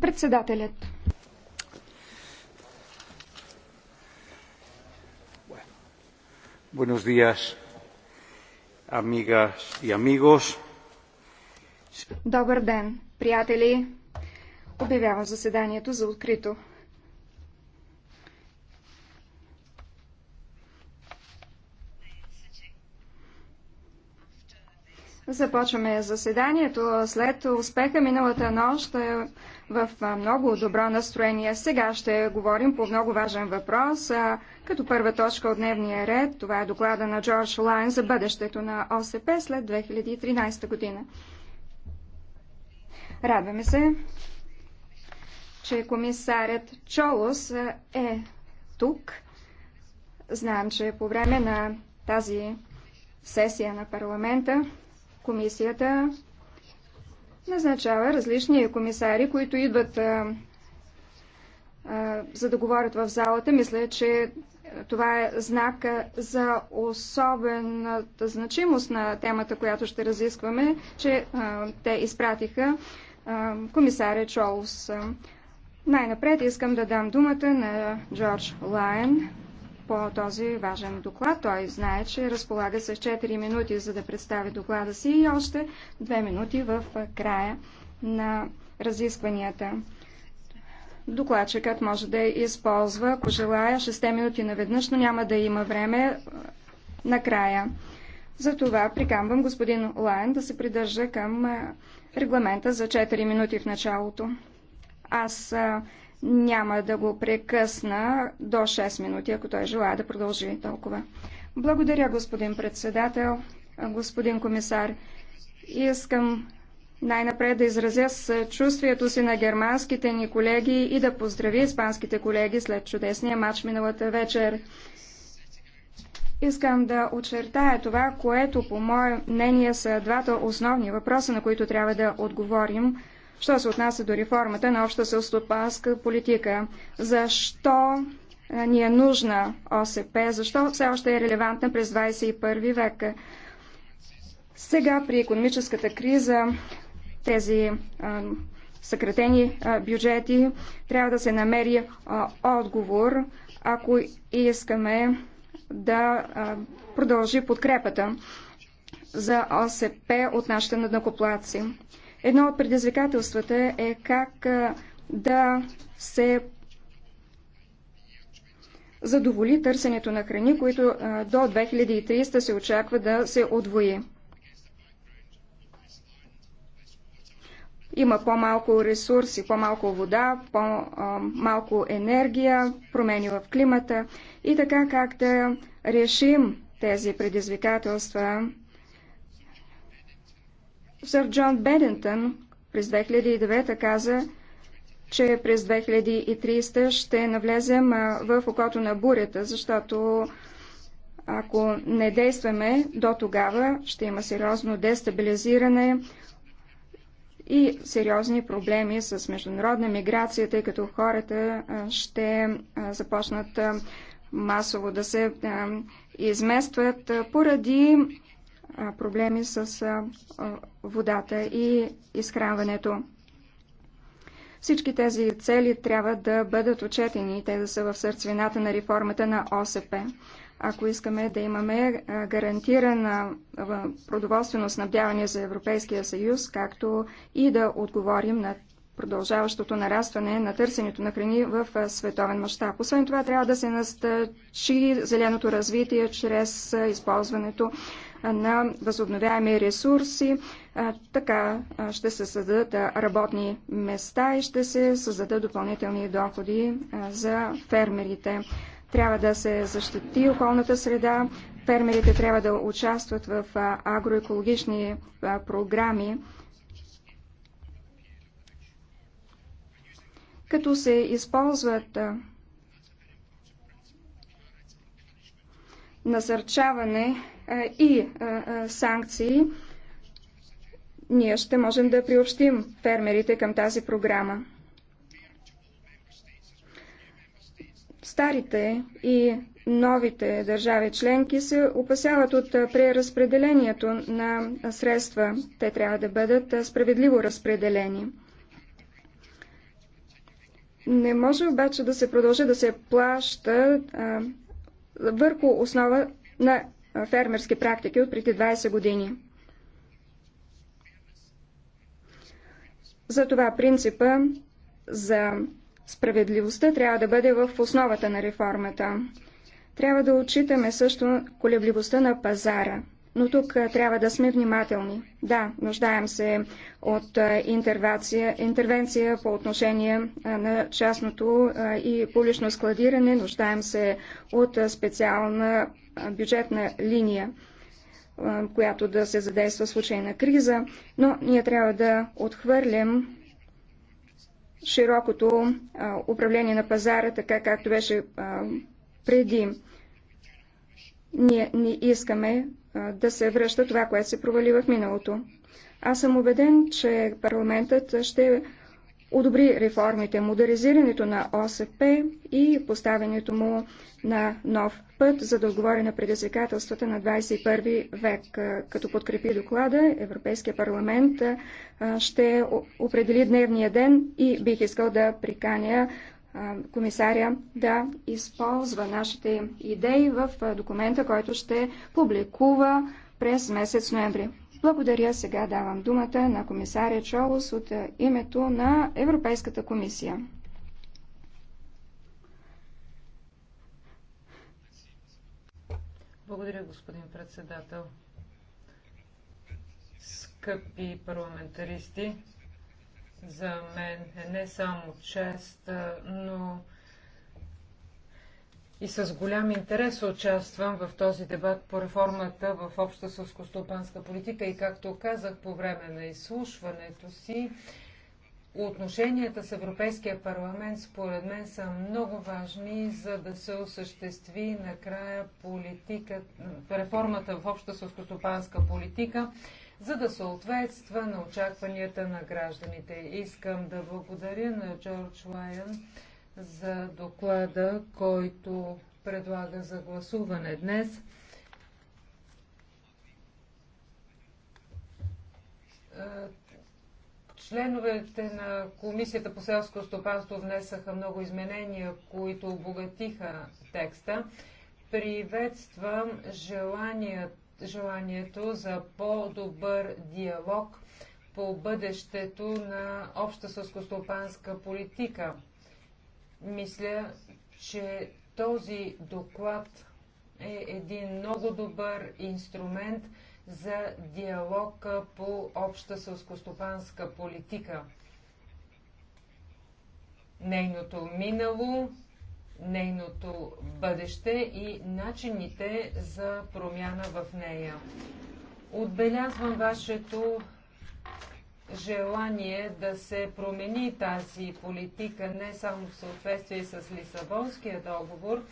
Председателят. Buenos días, amigas y amigos. Добър ден, приятели! Обявявам заседанието за открито. Започваме заседанието. След успеха миналата нощ е, в много добро настроение. Сега ще говорим по много важен въпрос. Като първа точка от дневния ред, това е доклада на Джордж Лайн за бъдещето на ОСП след 2013 година. Радваме се, че комисарят Чолос е, е тук. Знаем, че по време на тази сесия на парламента Комисията назначава различни комисари, които идват а, а, за да говорят в залата. Мисля, че това е знак за особената значимост на темата, която ще разискваме, че а, те изпратиха а, комисаря Чолс. Най-напред искам да дам думата на Джордж Лайен, по този важен доклад. Той знае, че разполага с 4 минути, за да представи доклада си и още 2 минути в края на разискванията. Докладчикът може да използва, ако желая, 6 минути наведнъж, но няма да има време накрая. Затова прикамвам господин Лайн да се придържа към регламента за 4 минути в началото. Аз няма да го прекъсна до 6 минути, ако той желая да продължи толкова. Благодаря, господин председател, господин комисар. Искам най-напред да изразя съчувствието си на германските ни колеги и да поздравя испанските колеги след чудесния матч миналата вечер. Искам да очертая това, което по мое мнение са двата основни въпроса, на които трябва да отговорим що се отнася до реформата на обща селстопанска политика. Защо ни е нужна ОСП? Защо все още е релевантна през 21 век? Сега при економическата криза тези а, съкратени а, бюджети трябва да се намери а, отговор, ако искаме да а, продължи подкрепата за ОСП от нашите наднакоплаци. Едно от предизвикателствата е как да се задоволи търсенето на храни, които до 2300 се очаква да се отвои. Има по-малко ресурси, по-малко вода, по-малко енергия, промени в климата и така как да решим тези предизвикателства Сър Джон Бедентън през 2009 каза, че през 2300 ще навлезем в окото на бурята, защото ако не действаме до тогава, ще има сериозно дестабилизиране и сериозни проблеми с международна миграция, тъй като хората ще започнат масово да се изместват поради проблеми с водата и изхранването. Всички тези цели трябва да бъдат отчетени и те да са в сърцевината на реформата на ОСП. Ако искаме да имаме гарантирана продоволствено снабдяване за Европейския съюз, както и да отговорим на продължаващото нарастване на търсенето на храни в световен мащаб. Освен това, трябва да се настъчи зеленото развитие чрез използването на възобновяеми ресурси. Така ще се създадат работни места и ще се създадат допълнителни доходи за фермерите. Трябва да се защити околната среда, фермерите трябва да участват в агроекологични програми, като се използват насърчаване и санкции, ние ще можем да приобщим фермерите към тази програма. Старите и новите държави членки се опасяват от преразпределението на средства. Те трябва да бъдат справедливо разпределени. Не може обаче да се продължи да се плаща а, върху основа на фермерски практики от преди 20 години. Затова принципа за справедливостта трябва да бъде в основата на реформата. Трябва да отчитаме също колебливостта на пазара – но тук трябва да сме внимателни. Да, нуждаем се от интервенция, интервенция по отношение на частното и публично складиране, нуждаем се от специална бюджетна линия, която да се задейства в случай на криза, но ние трябва да отхвърлим широкото управление на пазара, така както беше преди ние не искаме да се връща това, което се провали в миналото. Аз съм убеден, че парламентът ще одобри реформите, модернизирането на ОСП и поставянето му на нов път, за да отговори на предизвикателствата на 21 век. Като подкрепи доклада, Европейския парламент ще определи дневния ден и бих искал да приканя комисаря да използва нашите идеи в документа, който ще публикува през месец ноември. Благодаря. Сега давам думата на комисаря Чолос от името на Европейската комисия. Благодаря, господин председател. Скъпи парламентаристи, за мен е не само чест, но и с голям интерес участвам в този дебат по реформата в обща сълскостопанска политика и както казах по време на изслушването си, отношенията с Европейския парламент според мен са много важни, за да се осъществи накрая политика, реформата в обща сълскостопанска политика за да съответства на очакванията на гражданите. Искам да благодаря на Джордж Лайън за доклада, който предлага за гласуване днес. Е, членовете на Комисията по селско стопанство внесаха много изменения, които обогатиха текста. Приветствам желанията желанието за по-добър диалог по бъдещето на обща сълскостопанска политика. Мисля, че този доклад е един много добър инструмент за диалог по обща сълскостопанска политика. Нейното минало нейното бъдеще и начините за промяна в нея. Отбелязвам вашето желание да се промени тази политика не само в съответствие с Лисабонския договор,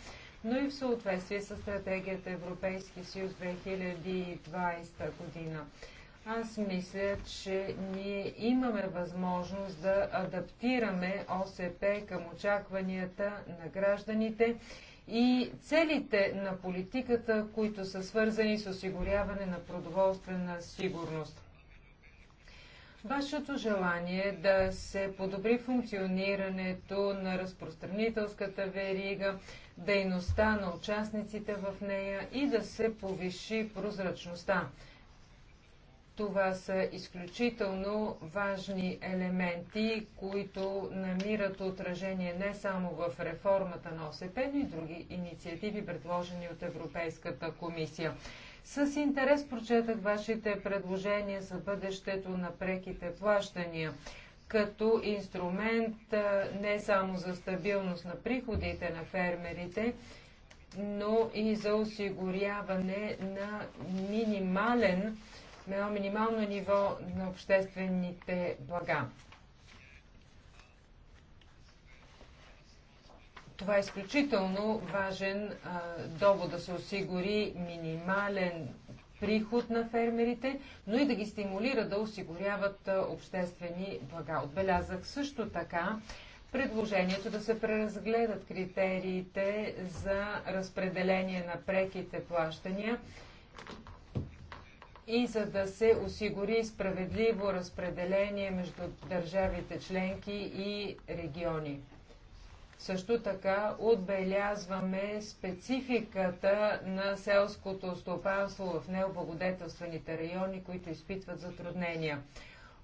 но и в съответствие с стратегията Европейски съюз 2020 година. Аз мисля, че ние имаме възможност да адаптираме ОСП към очакванията на гражданите и целите на политиката, които са свързани с осигуряване на продоволствена сигурност. Вашето желание да се подобри функционирането на разпространителската верига, дейността на участниците в нея и да се повиши прозрачността. Това са изключително важни елементи, които намират отражение не само в реформата на ОСП, но и други инициативи, предложени от Европейската комисия. С интерес прочетах вашите предложения за бъдещето на преките плащания като инструмент не само за стабилност на приходите на фермерите, но и за осигуряване на минимален на едно минимално ниво на обществените блага. Това е изключително важен а, довод да се осигури минимален приход на фермерите, но и да ги стимулира да осигуряват а, обществени блага. Отбелязах също така предложението да се преразгледат критериите за разпределение на преките плащания и за да се осигури справедливо разпределение между държавите членки и региони. Също така отбелязваме спецификата на селското стопанство в необлагодетелствените райони, които изпитват затруднения.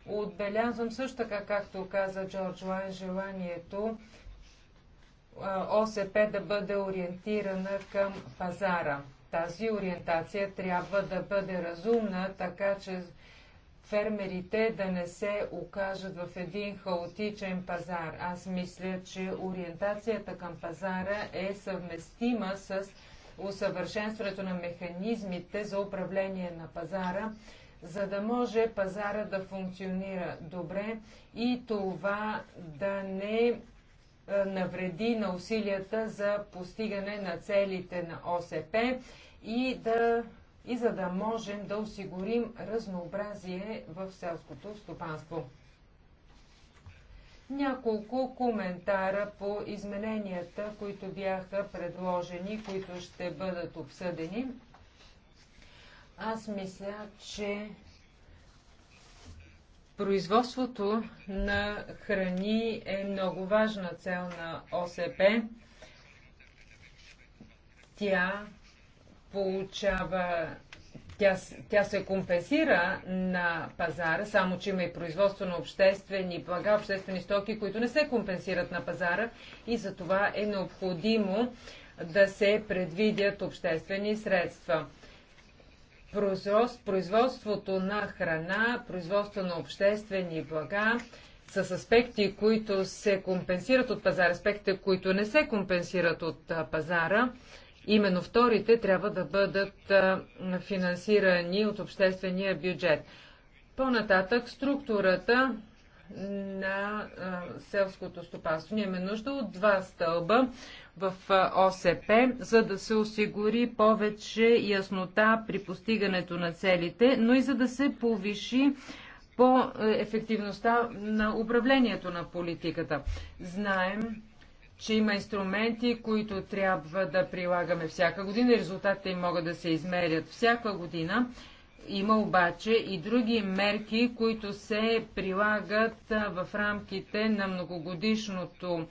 Отбелязвам също така, както каза Джордж Лайн, желанието ОСП да бъде ориентирана към пазара. Тази ориентация трябва да бъде разумна, така че фермерите да не се окажат в един хаотичен пазар. Аз мисля, че ориентацията към пазара е съвместима с усъвършенстването на механизмите за управление на пазара, за да може пазара да функционира добре и това да не е, навреди на усилията за постигане на целите на ОСП и, да, и за да можем да осигурим разнообразие в селското стопанство. Няколко коментара по измененията, които бяха предложени, които ще бъдат обсъдени. Аз мисля, че Производството на храни е много важна цел на ОСП. Тя получава тя, тя се компенсира на пазара, само че има и производство на обществени блага, обществени стоки, които не се компенсират на пазара и за това е необходимо да се предвидят обществени средства производството на храна, производство на обществени блага с аспекти, които се компенсират от пазара, аспекти, които не се компенсират от пазара, именно вторите трябва да бъдат финансирани от обществения бюджет. По-нататък структурата на селското стопанство. Ние имаме нужда от два стълба в ОСП, за да се осигури повече яснота при постигането на целите, но и за да се повиши по ефективността на управлението на политиката. Знаем, че има инструменти, които трябва да прилагаме всяка година. Резултатите им могат да се измерят всяка година. Има обаче и други мерки, които се прилагат в рамките на многогодишното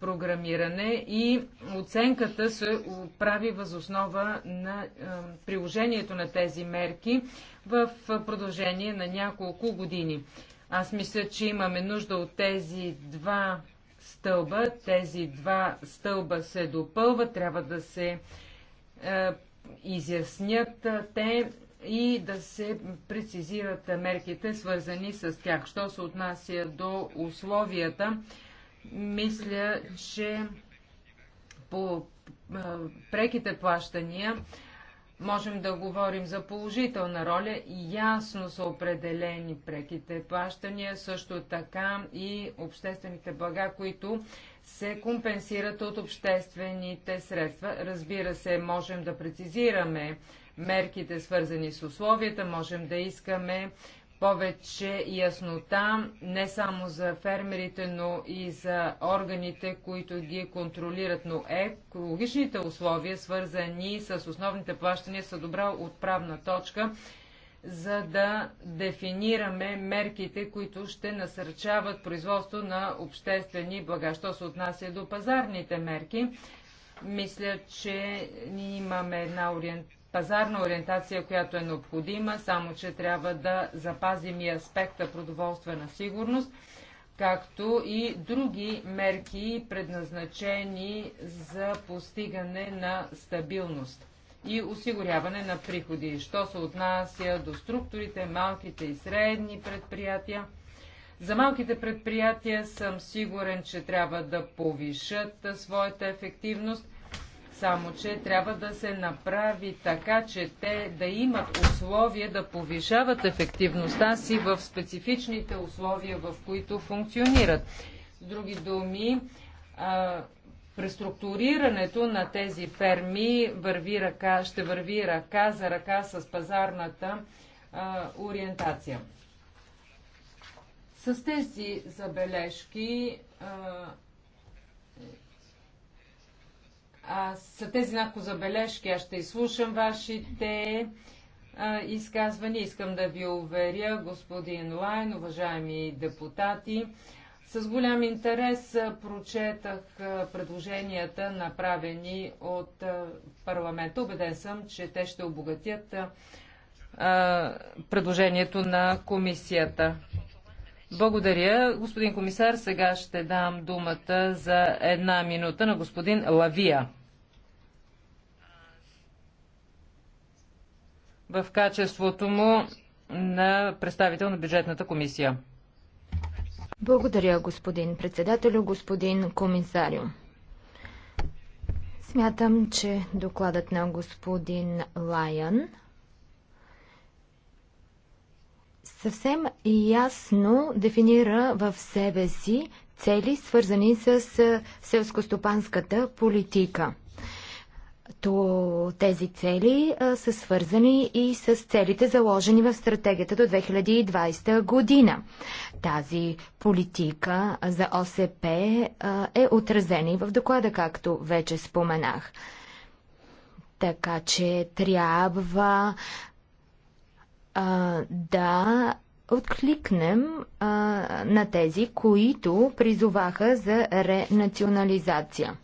програмиране и оценката се прави възоснова на е, приложението на тези мерки в продължение на няколко години. Аз мисля, че имаме нужда от тези два стълба. Тези два стълба се допълват, трябва да се е, изяснят е, те и да се прецизират мерките, свързани с тях. Що се отнася до условията, мисля, че по преките плащания можем да говорим за положителна роля и ясно са определени преките плащания, също така и обществените блага, които се компенсират от обществените средства. Разбира се, можем да прецизираме мерките, свързани с условията, можем да искаме повече яснота не само за фермерите, но и за органите, които ги контролират. Но екологичните условия, свързани с основните плащания, са добра отправна точка, за да дефинираме мерките, които ще насърчават производство на обществени блага. Що се отнася до пазарните мерки, мисля, че ние имаме една ориентация пазарна ориентация, която е необходима, само че трябва да запазим и аспекта продоволствена сигурност, както и други мерки, предназначени за постигане на стабилност и осигуряване на приходи. Що се отнася до структурите, малките и средни предприятия, за малките предприятия съм сигурен, че трябва да повишат своята ефективност – само, че трябва да се направи така, че те да имат условия да повишават ефективността си в специфичните условия, в които функционират. С други думи, преструктурирането на тези ферми върви ръка, ще върви ръка за ръка с пазарната а, ориентация. С тези забележки а, са тези няколко забележки. Аз ще изслушам вашите а, изказвания. Искам да ви уверя, господин Лайн, уважаеми депутати, с голям интерес прочетах предложенията, направени от парламента. Обеден съм, че те ще обогатят предложението на комисията. Благодаря. Господин комисар, сега ще дам думата за една минута на господин Лавия. в качеството му на представител на бюджетната комисия. Благодаря, господин председател, господин комисарио. Смятам, че докладът на господин Лайън съвсем ясно дефинира в себе си цели, свързани с селскостопанската политика – като тези цели а, са свързани и с целите заложени в стратегията до 2020 година. Тази политика за ОСП а, е отразена и в доклада, както вече споменах. Така че трябва а, да откликнем а, на тези, които призоваха за ренационализация.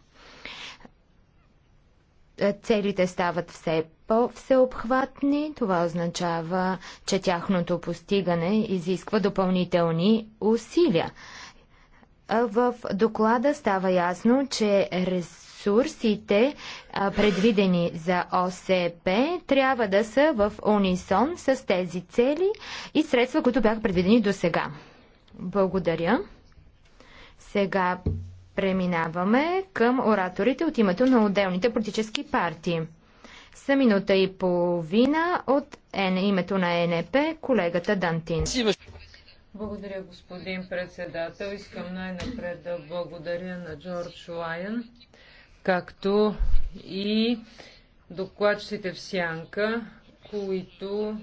Е, целите стават все по-всеобхватни. Това означава, че тяхното постигане изисква допълнителни усилия. В доклада става ясно, че ресурсите, предвидени за ОСП, трябва да са в унисон с тези цели и средства, които бяха предвидени до сега. Благодаря. Сега Преминаваме към ораторите от името на отделните политически партии. Са минута и половина от Н, името на НП, колегата Дантин. Благодаря, господин председател. Искам най-напред да благодаря на Джордж Лайън, както и докладчите в Сянка, които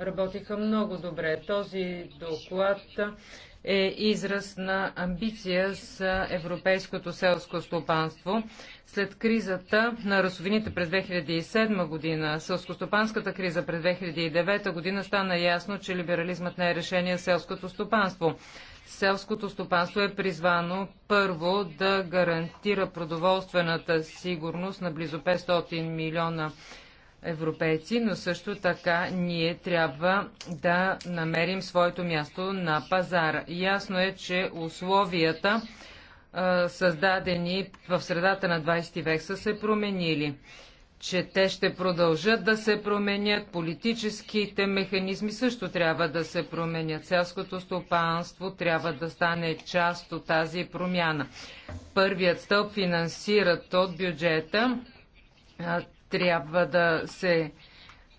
работиха много добре. Този доклад е израз на амбиция за европейското селско стопанство. След кризата на росовините през 2007 година, селскостопанската криза през 2009 година стана ясно, че либерализмът не е решение селското стопанство. Селското стопанство е призвано първо да гарантира продоволствената сигурност на близо 500 милиона европейци, но също така ние трябва да намерим своето място на пазара. Ясно е, че условията, създадени в средата на 20 век, са се променили че те ще продължат да се променят, политическите механизми също трябва да се променят. Селското стопанство трябва да стане част от тази промяна. Първият стълб финансират от бюджета трябва да се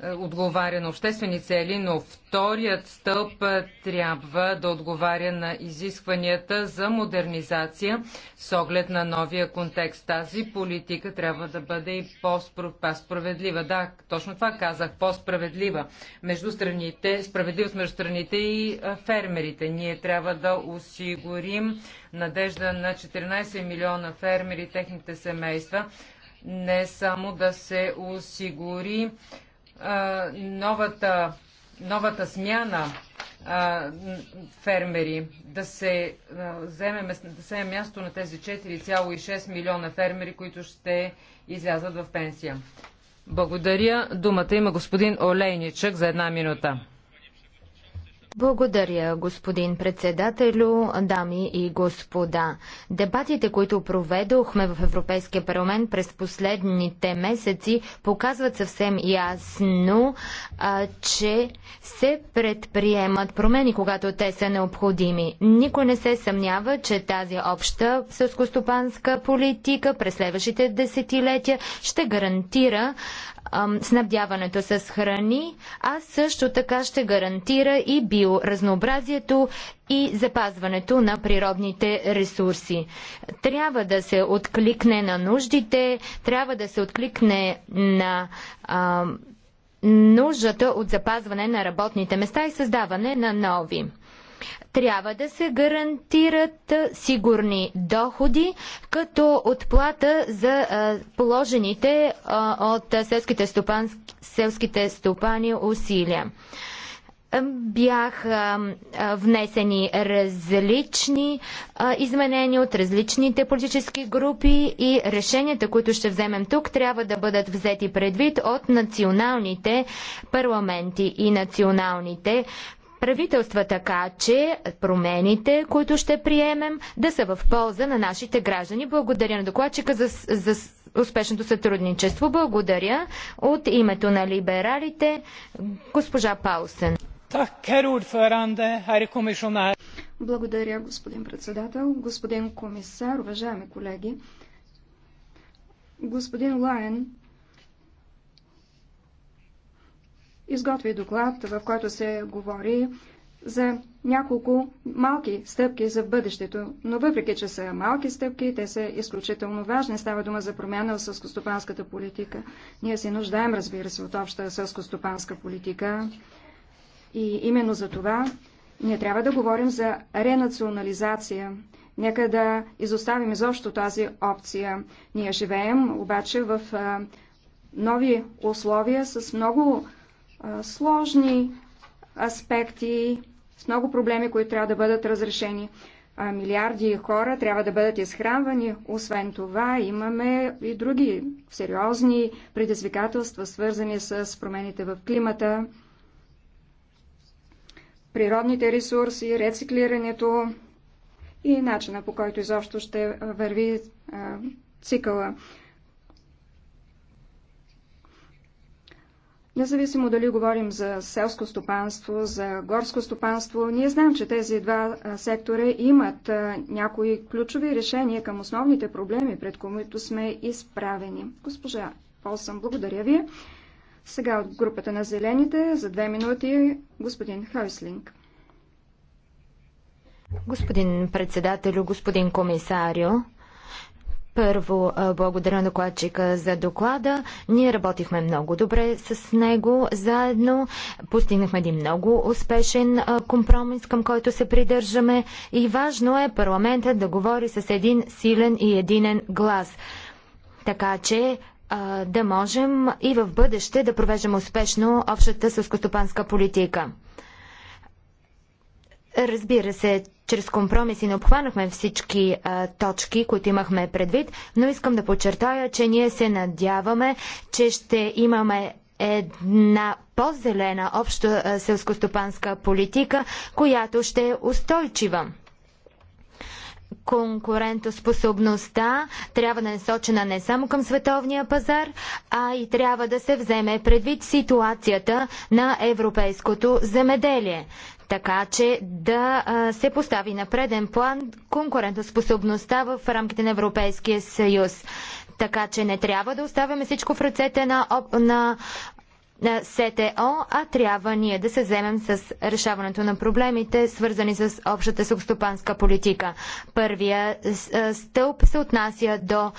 е, отговаря на обществени цели, но вторият стълб е, трябва да отговаря на изискванията за модернизация с оглед на новия контекст. Тази политика трябва да бъде и по-справедлива. Да, точно това казах, по-справедлива между страните, справедливост между страните и е, фермерите. Ние трябва да осигурим надежда на 14 милиона фермери, техните семейства, не само да се осигури а, новата, новата смяна а, фермери, да се, вземе, да място на тези 4,6 милиона фермери, които ще излязат в пенсия. Благодаря. Думата има господин Олейничък за една минута. Благодаря, господин председателю, дами и господа. Дебатите, които проведохме в Европейския парламент през последните месеци, показват съвсем ясно, а, че се предприемат промени, когато те са необходими. Никой не се съмнява, че тази обща сълскостопанска политика през следващите десетилетия ще гарантира снабдяването с храни, а също така ще гарантира и биоразнообразието и запазването на природните ресурси. Трябва да се откликне на нуждите, трябва да се откликне на а, нуждата от запазване на работните места и създаване на нови. Трябва да се гарантират сигурни доходи, като отплата за положените от селските, стопан, селските стопани усилия. Бяха внесени различни изменения от различните политически групи и решенията, които ще вземем тук, трябва да бъдат взети предвид от националните парламенти и националните правителства, така че промените, които ще приемем, да са в полза на нашите граждани. Благодаря на докладчика за, за успешното сътрудничество. Благодаря от името на либералите госпожа Паусен. Благодаря, господин председател, господин комисар, уважаеми колеги. Господин Лайен изготви доклад, в който се говори за няколко малки стъпки за бъдещето. Но въпреки, че са малки стъпки, те са изключително важни. Става дума за промяна в сълскостопанската политика. Ние се нуждаем, разбира се, от обща сълскостопанска политика. И именно за това ние трябва да говорим за ренационализация. Нека да изоставим изобщо тази опция. Ние живеем обаче в нови условия с много сложни аспекти, с много проблеми, които трябва да бъдат разрешени. Милиарди хора трябва да бъдат изхранвани. Освен това, имаме и други сериозни предизвикателства, свързани с промените в климата, природните ресурси, рециклирането и начина по който изобщо ще върви цикъла. Независимо дали говорим за селско стопанство, за горско стопанство, ние знаем, че тези два сектора имат някои ключови решения към основните проблеми, пред които сме изправени. Госпожа Полсън, благодаря ви. Сега от групата на зелените за две минути господин Хойслинг. Господин председателю, господин комисарио, първо, благодаря на Клачика за доклада. Ние работихме много добре с него заедно. Постигнахме един много успешен компромис, към който се придържаме. И важно е парламента да говори с един силен и единен глас. Така че да можем и в бъдеще да провеждаме успешно общата сълскостопанска политика. Разбира се, чрез компромиси не обхванахме всички а, точки, които имахме предвид, но искам да подчертая, че ние се надяваме, че ще имаме една по-зелена обща селскостопанска политика, която ще е устойчива. Конкурентоспособността трябва да е насочена не само към световния пазар, а и трябва да се вземе предвид ситуацията на европейското земеделие така че да се постави на преден план конкурентоспособността в рамките на Европейския съюз. Така че не трябва да оставяме всичко в ръцете на, на, на СТО, а трябва ние да се вземем с решаването на проблемите, свързани с общата субстопанска политика. Първия стълб се отнася до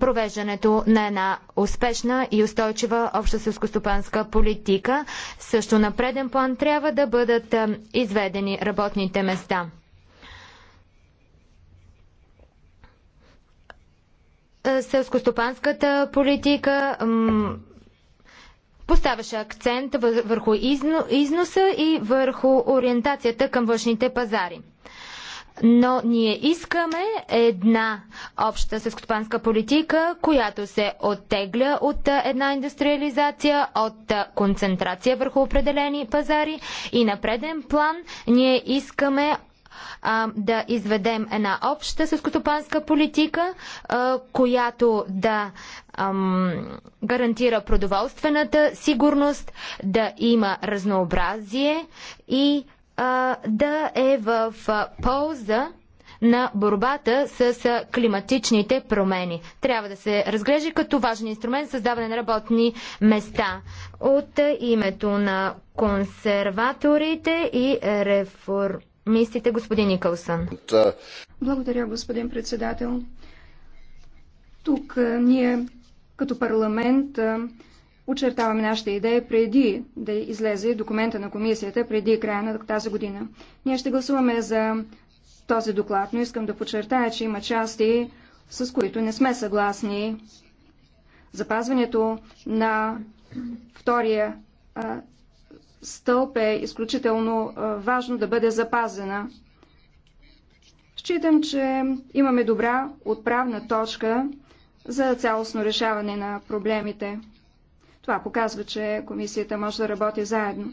провеждането на една успешна и устойчива обща селскостопанска политика. Също на преден план трябва да бъдат изведени работните места. Е, селскостопанската политика поставяше акцент върху износа и върху ориентацията към външните пазари но ние искаме една обща селскостопанска политика, която се оттегля от една индустриализация, от концентрация върху определени пазари и на преден план ние искаме да изведем една обща селскостопанска политика, която да ам, гарантира продоволствената сигурност, да има разнообразие и да е в полза на борбата с климатичните промени. Трябва да се разглежда като важен инструмент за създаване на работни места. От името на консерваторите и реформистите, господин Никълсън. Благодаря, господин председател. Тук ние като парламент очертаваме нашите идеи преди да излезе документа на комисията, преди края на тази година. Ние ще гласуваме за този доклад, но искам да подчертая, че има части, с които не сме съгласни. Запазването на втория а, стълб е изключително а, важно да бъде запазена. Считам, че имаме добра отправна точка за цялостно решаване на проблемите. Това показва, че комисията може да работи заедно.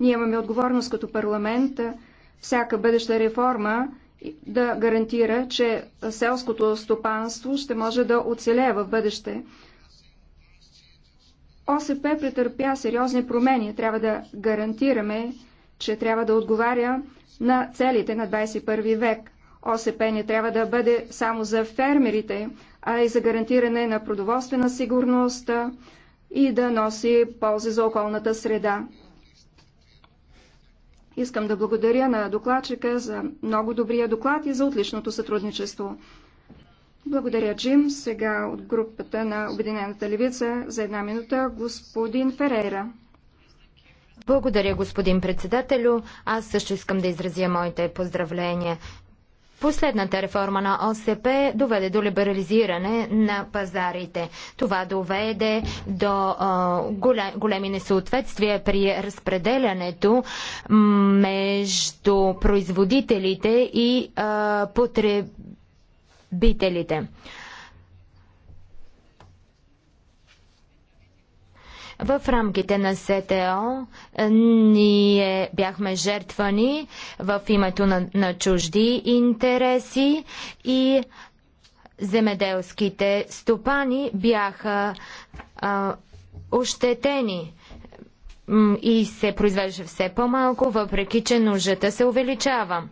Ние имаме отговорност като парламент всяка бъдеща реформа да гарантира, че селското стопанство ще може да оцелее в бъдеще. ОСП претърпя сериозни промени. Трябва да гарантираме, че трябва да отговаря на целите на 21 век. ОСП не трябва да бъде само за фермерите, а и за гарантиране на продоволствена сигурност и да носи ползи за околната среда. Искам да благодаря на докладчика за много добрия доклад и за отличното сътрудничество. Благодаря, Джим. Сега от групата на Обединената левица за една минута господин Ферейра. Благодаря, господин председателю. Аз също искам да изразя моите поздравления Последната реформа на ОСП доведе до либерализиране на пазарите. Това доведе до големи несъответствия при разпределянето между производителите и потребителите. В рамките на СТО е, ние бяхме жертвани в името на, на чужди интереси и земеделските стопани бяха а, ощетени и се произвежда все по-малко, въпреки че нуждата се увеличава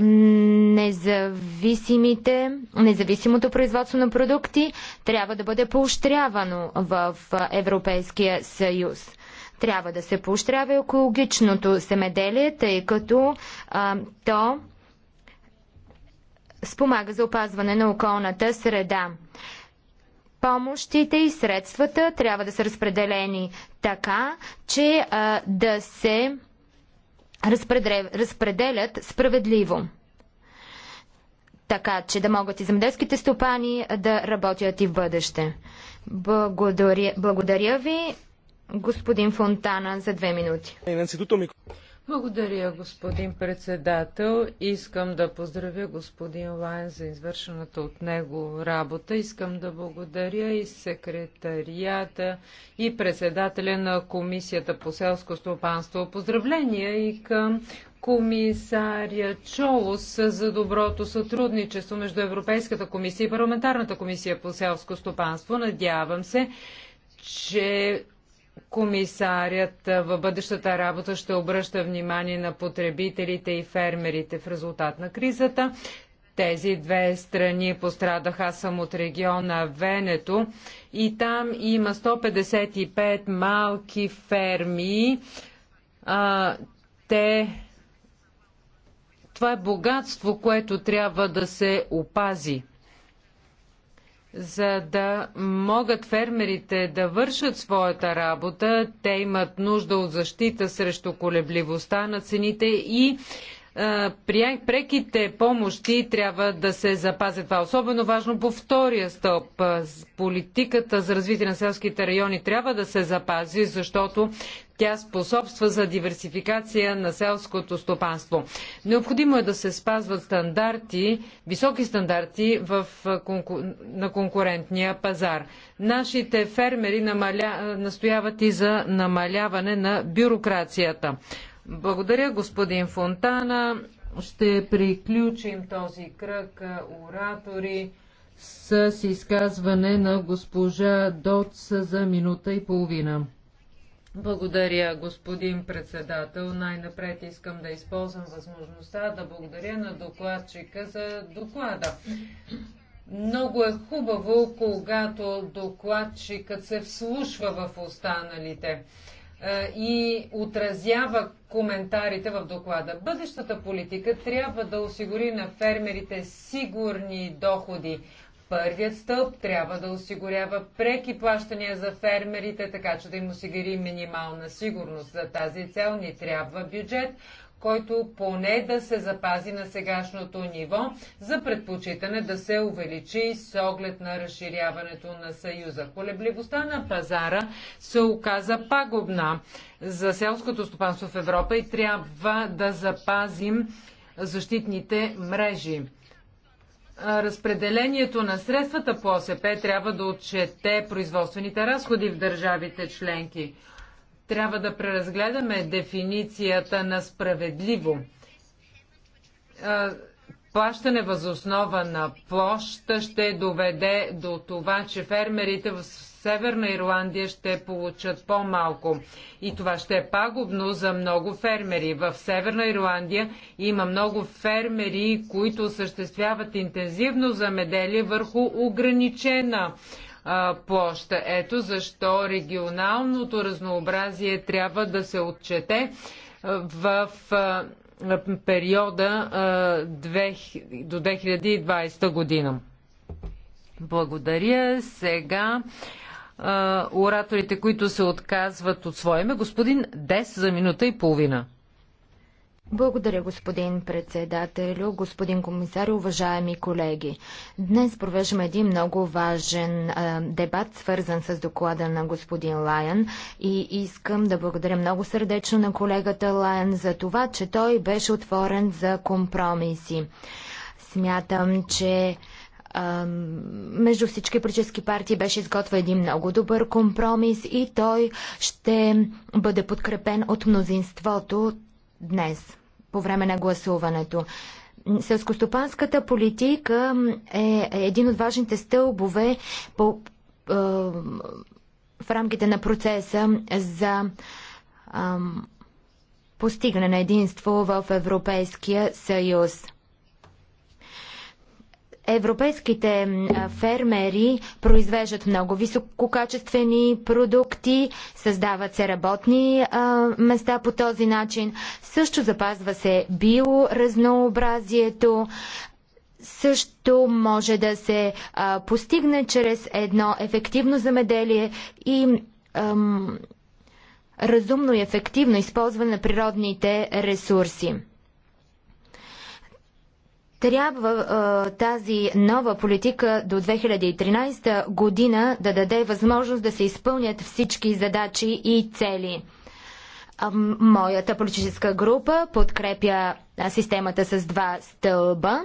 независимите, независимото производство на продукти трябва да бъде поощрявано в Европейския съюз. Трябва да се поощрява екологичното семеделие, тъй като а, то спомага за опазване на околната среда. Помощите и средствата трябва да са разпределени така, че а, да се а, разпределят справедливо така че да могат и земеделските стопани да работят и в бъдеще. Благодаря, благодаря ви, господин Фонтана, за две минути. Благодаря, господин председател. Искам да поздравя господин Лайн за извършената от него работа. Искам да благодаря и секретарията и председателя на Комисията по селско стопанство. Поздравления и към комисаря Чолос за доброто сътрудничество между Европейската комисия и Парламентарната комисия по селско стопанство. Надявам се, че комисарят в бъдещата работа ще обръща внимание на потребителите и фермерите в резултат на кризата. Тези две страни пострадаха съм от региона Венето и там има 155 малки ферми. А, те... Това е богатство, което трябва да се опази. За да могат фермерите да вършат своята работа, те имат нужда от защита срещу колебливостта на цените и преките помощи трябва да се запазят. Това е особено важно по втория стълб. Политиката за развитие на селските райони трябва да се запази, защото тя способства за диверсификация на селското стопанство. Необходимо е да се спазват стандарти, високи стандарти в, на конкурентния пазар. Нашите фермери намаля, настояват и за намаляване на бюрокрацията. Благодаря, господин Фонтана. Ще приключим този кръг оратори с изказване на госпожа Доц за минута и половина. Благодаря, господин председател. Най-напред искам да използвам възможността да благодаря на докладчика за доклада. Много е хубаво, когато докладчикът се вслушва в останалите е, и отразява коментарите в доклада. Бъдещата политика трябва да осигури на фермерите сигурни доходи, Първият стълб трябва да осигурява преки плащания за фермерите, така че да им осигури минимална сигурност. За тази цел ни трябва бюджет, който поне да се запази на сегашното ниво, за предпочитане да се увеличи с оглед на разширяването на Съюза. Колебливостта на пазара се оказа пагубна за селското стопанство в Европа и трябва да запазим защитните мрежи разпределението на средствата по ОСП трябва да отчете производствените разходи в държавите членки. Трябва да преразгледаме дефиницията на справедливо плащане възоснова на площа ще доведе до това, че фермерите в Северна Ирландия ще получат по-малко. И това ще е пагубно за много фермери. В Северна Ирландия има много фермери, които осъществяват интензивно замеделие върху ограничена площа. Ето защо регионалното разнообразие трябва да се отчете в а, периода до 2020 година. Благодаря. Сега ораторите, които се отказват от своя име. Господин Дес за минута и половина. Благодаря, господин председател, господин комисар, уважаеми колеги. Днес провеждаме един много важен а, дебат, свързан с доклада на господин Лайан и искам да благодаря много сърдечно на колегата Лайан за това, че той беше отворен за компромиси. Смятам, че между всички политически партии беше изготвен един много добър компромис и той ще бъде подкрепен от мнозинството днес по време на гласуването. Селскостопанската политика е един от важните стълбове по, е, в рамките на процеса за е, постигане на единство в Европейския съюз. Европейските фермери произвеждат много висококачествени продукти, създават се работни места по този начин, също запазва се биоразнообразието, също може да се постигне чрез едно ефективно замеделие и разумно и ефективно използване на природните ресурси. Трябва а, тази нова политика до 2013 година да даде възможност да се изпълнят всички задачи и цели. Моята политическа група подкрепя системата с два стълба.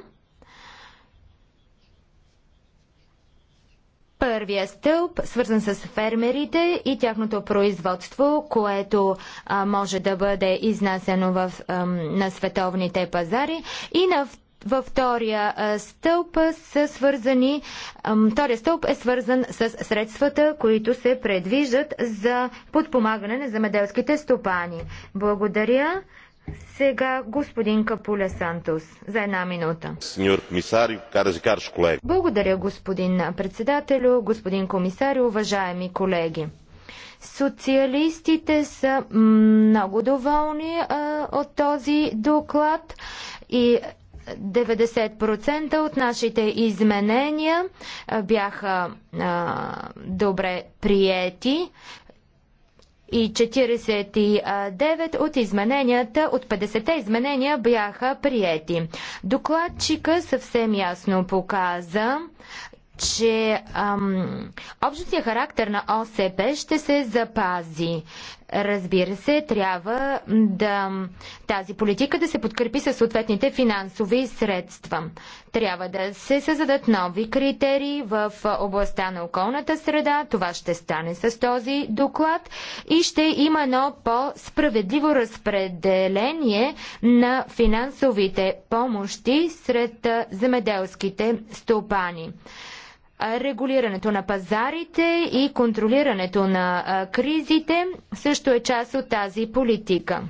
Първия стълб, свързан с фермерите и тяхното производство, което а, може да бъде изнасяно в, а, на световните пазари. И на във втория стълб са свързани, втория стълб е свързан с средствата, които се предвиждат за подпомагане на земеделските стопани. Благодаря. Сега господин Капуля Сантос за една минута. Сеньор комисар, караш караш колеги. Благодаря господин председателю, господин комисар, уважаеми колеги. Социалистите са много доволни а, от този доклад и 90% от нашите изменения бяха а, добре приети и 49 от измененията, от 50-те изменения бяха приети. Докладчика съвсем ясно показа, че ам, характер на ОСП ще се запази. Разбира се, трябва да тази политика да се подкрепи със съответните финансови средства. Трябва да се създадат нови критерии в областта на околната среда. Това ще стане с този доклад и ще има едно по-справедливо разпределение на финансовите помощи сред земеделските стопани. Регулирането на пазарите и контролирането на кризите също е част от тази политика.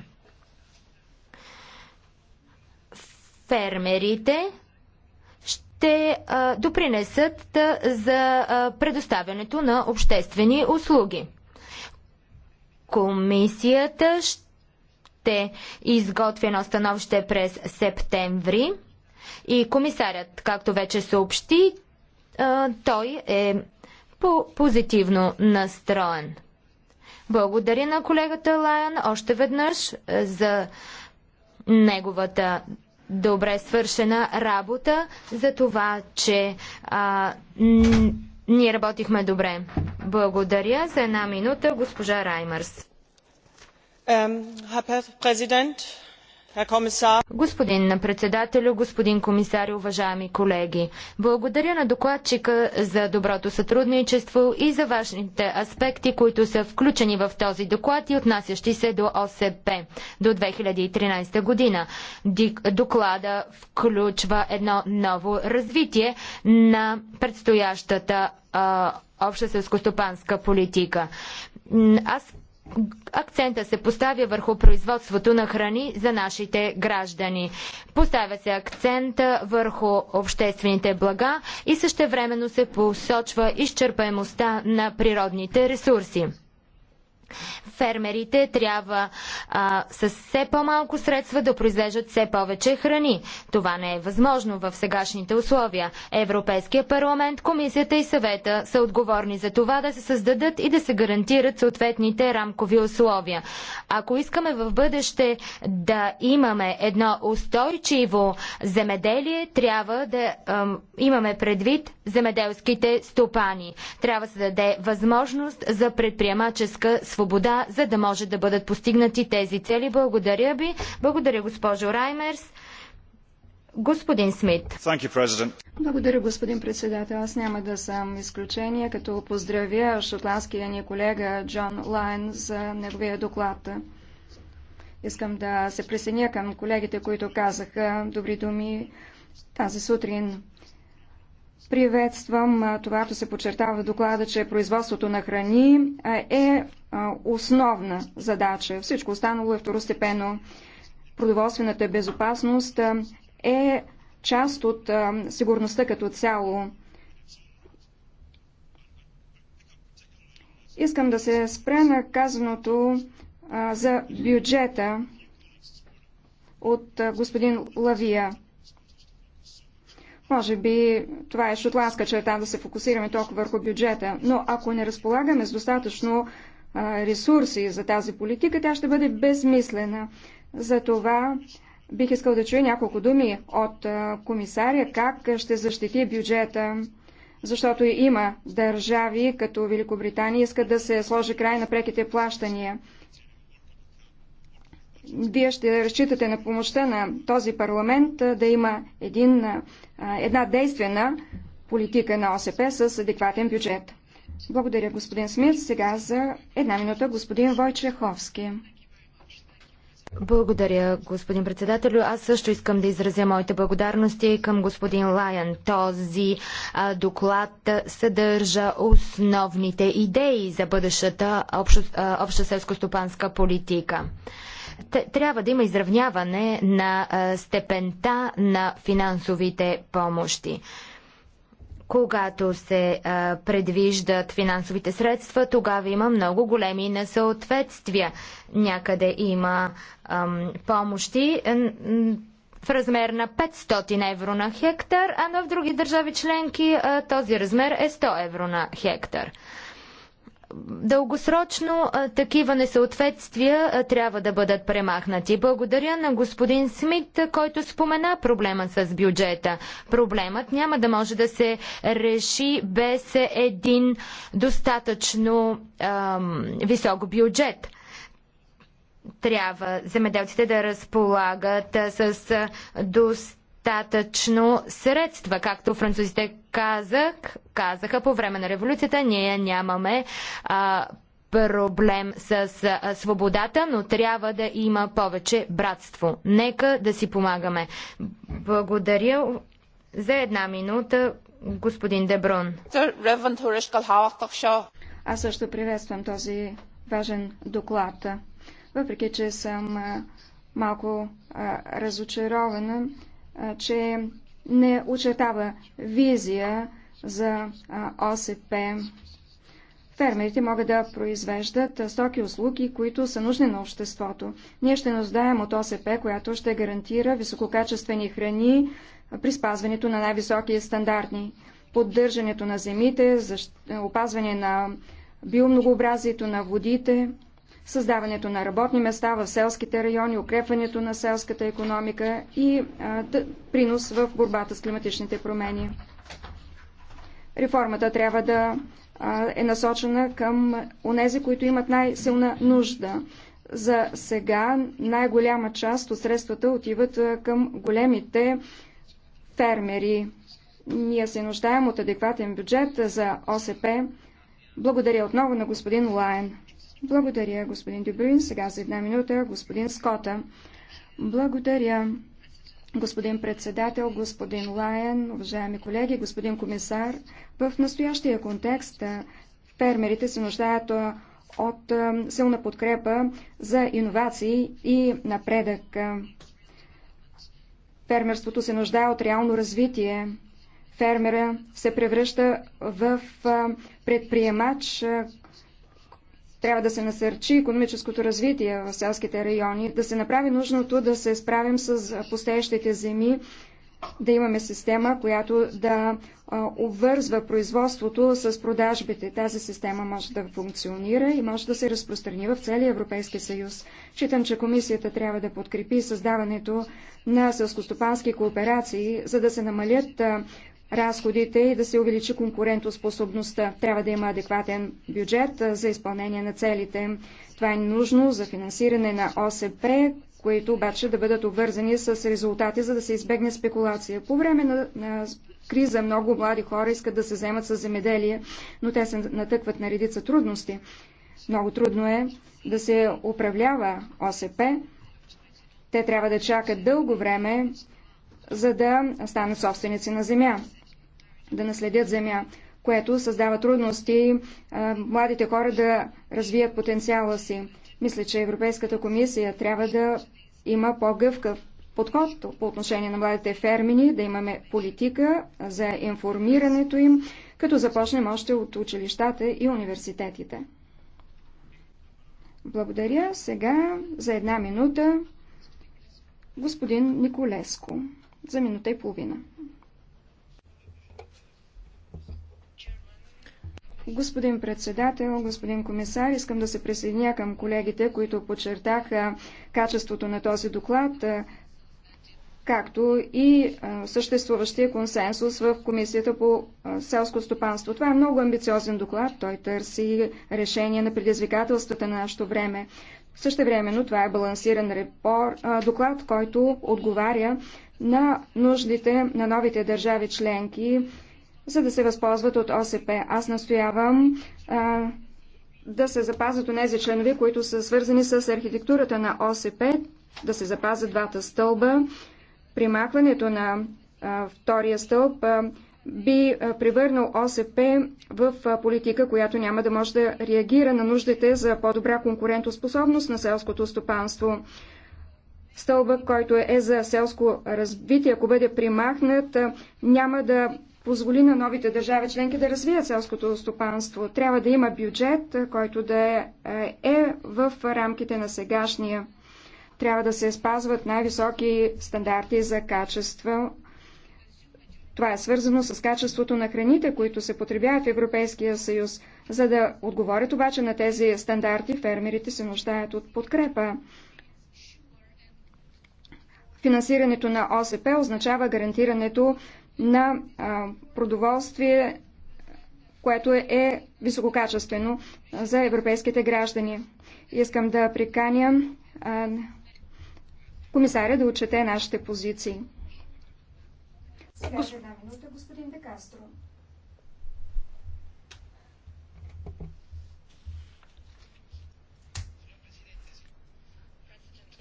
Фермерите ще допринесат за предоставянето на обществени услуги. Комисията ще изготви едно становище през септември и комисарят, както вече съобщи, той е по позитивно настроен. Благодаря на колегата Лайан още веднъж за неговата добре свършена работа, за това, че а, ние работихме добре. Благодаря за една минута, госпожа Раймърс. Um, Господин председател, господин комисар, уважаеми колеги, благодаря на докладчика за доброто сътрудничество и за важните аспекти, които са включени в този доклад и отнасящи се до ОСП до 2013 година. Доклада включва едно ново развитие на предстоящата обща селскостопанска политика. Аз акцента се поставя върху производството на храни за нашите граждани. Поставя се акцента върху обществените блага и същевременно се посочва изчерпаемостта на природните ресурси. Фермерите трябва а, с все по-малко средства да произвеждат все повече храни. Това не е възможно в сегашните условия. Европейския парламент, комисията и съвета са отговорни за това да се създадат и да се гарантират съответните рамкови условия. Ако искаме в бъдеще да имаме едно устойчиво земеделие, трябва да ам, имаме предвид земеделските стопани. Трябва да се даде възможност за предприемаческа сфера свобода, за да може да бъдат постигнати тези цели. Благодаря ви. Благодаря, госпожо Раймерс. Господин Смит. You, Благодаря, господин председател. Аз няма да съм изключение, като поздравя шотландския ни колега Джон Лайн за неговия доклад. Искам да се присъединя към колегите, които казаха добри думи тази сутрин. Приветствам това, което се подчертава в доклада, че производството на храни е основна задача. Всичко останало е второстепенно. Продоволствената безопасност е част от сигурността като цяло. Искам да се спре на казаното за бюджета от господин Лавия. Може би това е шотландска черта да се фокусираме толкова върху бюджета, но ако не разполагаме с достатъчно ресурси за тази политика, тя ще бъде безмислена. Затова бих искал да чуя няколко думи от комисаря как ще защити бюджета, защото има държави, като Великобритания, искат да се сложи край на преките плащания. Вие ще разчитате на помощта на този парламент да има един, една действена политика на ОСП с адекватен бюджет. Благодаря, господин Смит. Сега за една минута господин Войчеховски. Благодаря, господин председател. Аз също искам да изразя моите благодарности към господин Лайан. Този а, доклад съдържа основните идеи за бъдещата обща селско-стопанска политика трябва да има изравняване на степента на финансовите помощи. Когато се а, предвиждат финансовите средства, тогава има много големи несъответствия. Някъде има ам, помощи в размер на 500 евро на хектар, а в други държави членки а, този размер е 100 евро на хектар. Дългосрочно такива несъответствия трябва да бъдат премахнати. Благодаря на господин Смит, който спомена проблема с бюджета. Проблемът няма да може да се реши без един достатъчно ам, висок бюджет трябва земеделците да разполагат с достатъчно достатъчно средства. Както французите казах, казаха по време на революцията, ние нямаме а, проблем с а, свободата, но трябва да има повече братство. Нека да си помагаме. Благодаря за една минута, господин Дебрун. Аз също приветствам този важен доклад. Въпреки, че съм малко а, разочарована, че не очертава визия за ОСП. Фермерите могат да произвеждат стоки и услуги, които са нужни на обществото. Ние ще нуждаем от ОСП, която ще гарантира висококачествени храни при спазването на най-високи стандарти, поддържането на земите, опазване на биомногообразието на водите, създаването на работни места в селските райони, укрепването на селската економика и а, принос в борбата с климатичните промени. Реформата трябва да а, е насочена към онези, които имат най-силна нужда. За сега най-голяма част от средствата отиват към големите фермери. Ние се нуждаем от адекватен бюджет за ОСП. Благодаря отново на господин Лайен. Благодаря, господин Дюбрин. Сега за една минута господин Скота. Благодаря, господин председател, господин Лайен, уважаеми колеги, господин комисар. В настоящия контекст фермерите се нуждаят от силна подкрепа за иновации и напредък. Фермерството се нуждае от реално развитие. Фермера се превръща в предприемач, трябва да се насърчи економическото развитие в селските райони, да се направи нужното да се справим с постоящите земи, да имаме система, която да обвързва производството с продажбите. Тази система може да функционира и може да се разпространи в целия Европейски съюз. Читам, че комисията трябва да подкрепи създаването на селскостопански кооперации, за да се намалят разходите и да се увеличи конкурентоспособността. Трябва да има адекватен бюджет за изпълнение на целите. Това е нужно за финансиране на ОСП, които обаче да бъдат обвързани с резултати, за да се избегне спекулация. По време на, на криза много млади хора искат да се вземат с земеделие, но те се натъкват на редица трудности. Много трудно е да се управлява ОСП. Те трябва да чакат дълго време, за да станат собственици на земя да наследят земя, което създава трудности младите хора да развият потенциала си. Мисля, че Европейската комисия трябва да има по-гъвкав подход по отношение на младите фермини, да имаме политика за информирането им, като започнем още от училищата и университетите. Благодаря. Сега за една минута господин Николеско за минута и половина. Господин председател, господин комисар, искам да се присъединя към колегите, които подчертаха качеството на този доклад, както и съществуващия консенсус в Комисията по селско стопанство. Това е много амбициозен доклад. Той търси решение на предизвикателствата на нашето време. времено това е балансиран репор, доклад, който отговаря на нуждите на новите държави членки за да се възползват от ОСП. Аз настоявам а, да се запазват онези членове, които са свързани с архитектурата на ОСП, да се запазят двата стълба. Примахването на а, втория стълб а, би превърнал ОСП в политика, която няма да може да реагира на нуждите за по-добра конкурентоспособност на селското стопанство. Стълба, който е за селско развитие, ако бъде примахнат, няма да позволи на новите държави членки да развият селското стопанство. Трябва да има бюджет, който да е, е в рамките на сегашния. Трябва да се спазват най-високи стандарти за качество. Това е свързано с качеството на храните, които се потребяват в Европейския съюз. За да отговорят обаче на тези стандарти, фермерите се нуждаят от подкрепа. Финансирането на ОСП означава гарантирането на продоволствие, което е висококачествено за европейските граждани. Искам да приканя комисаря да отчете нашите позиции. Сега една минута, господин Декастро.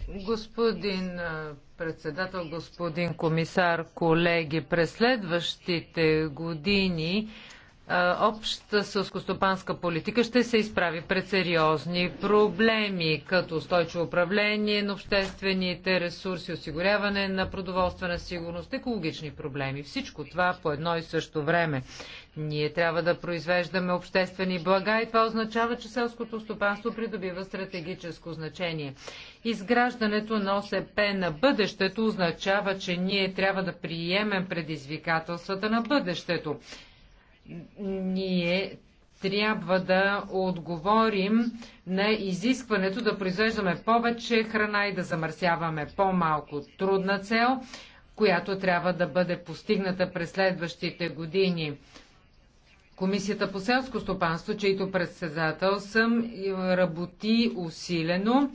Господин председател, господин комисар, колеги, през следващите години обща сълскостопанска политика ще се изправи пред сериозни проблеми, като устойчиво управление на обществените ресурси, осигуряване на продоволствена сигурност, екологични проблеми. Всичко това по едно и също време. Ние трябва да произвеждаме обществени блага и това означава, че селското стопанство придобива стратегическо значение. Изграждането на ОСП на бъдещето означава, че ние трябва да приемем предизвикателствата на бъдещето ние трябва да отговорим на изискването да произвеждаме повече храна и да замърсяваме по-малко. Трудна цел, която трябва да бъде постигната през следващите години. Комисията по селско стопанство, чийто председател съм, работи усилено.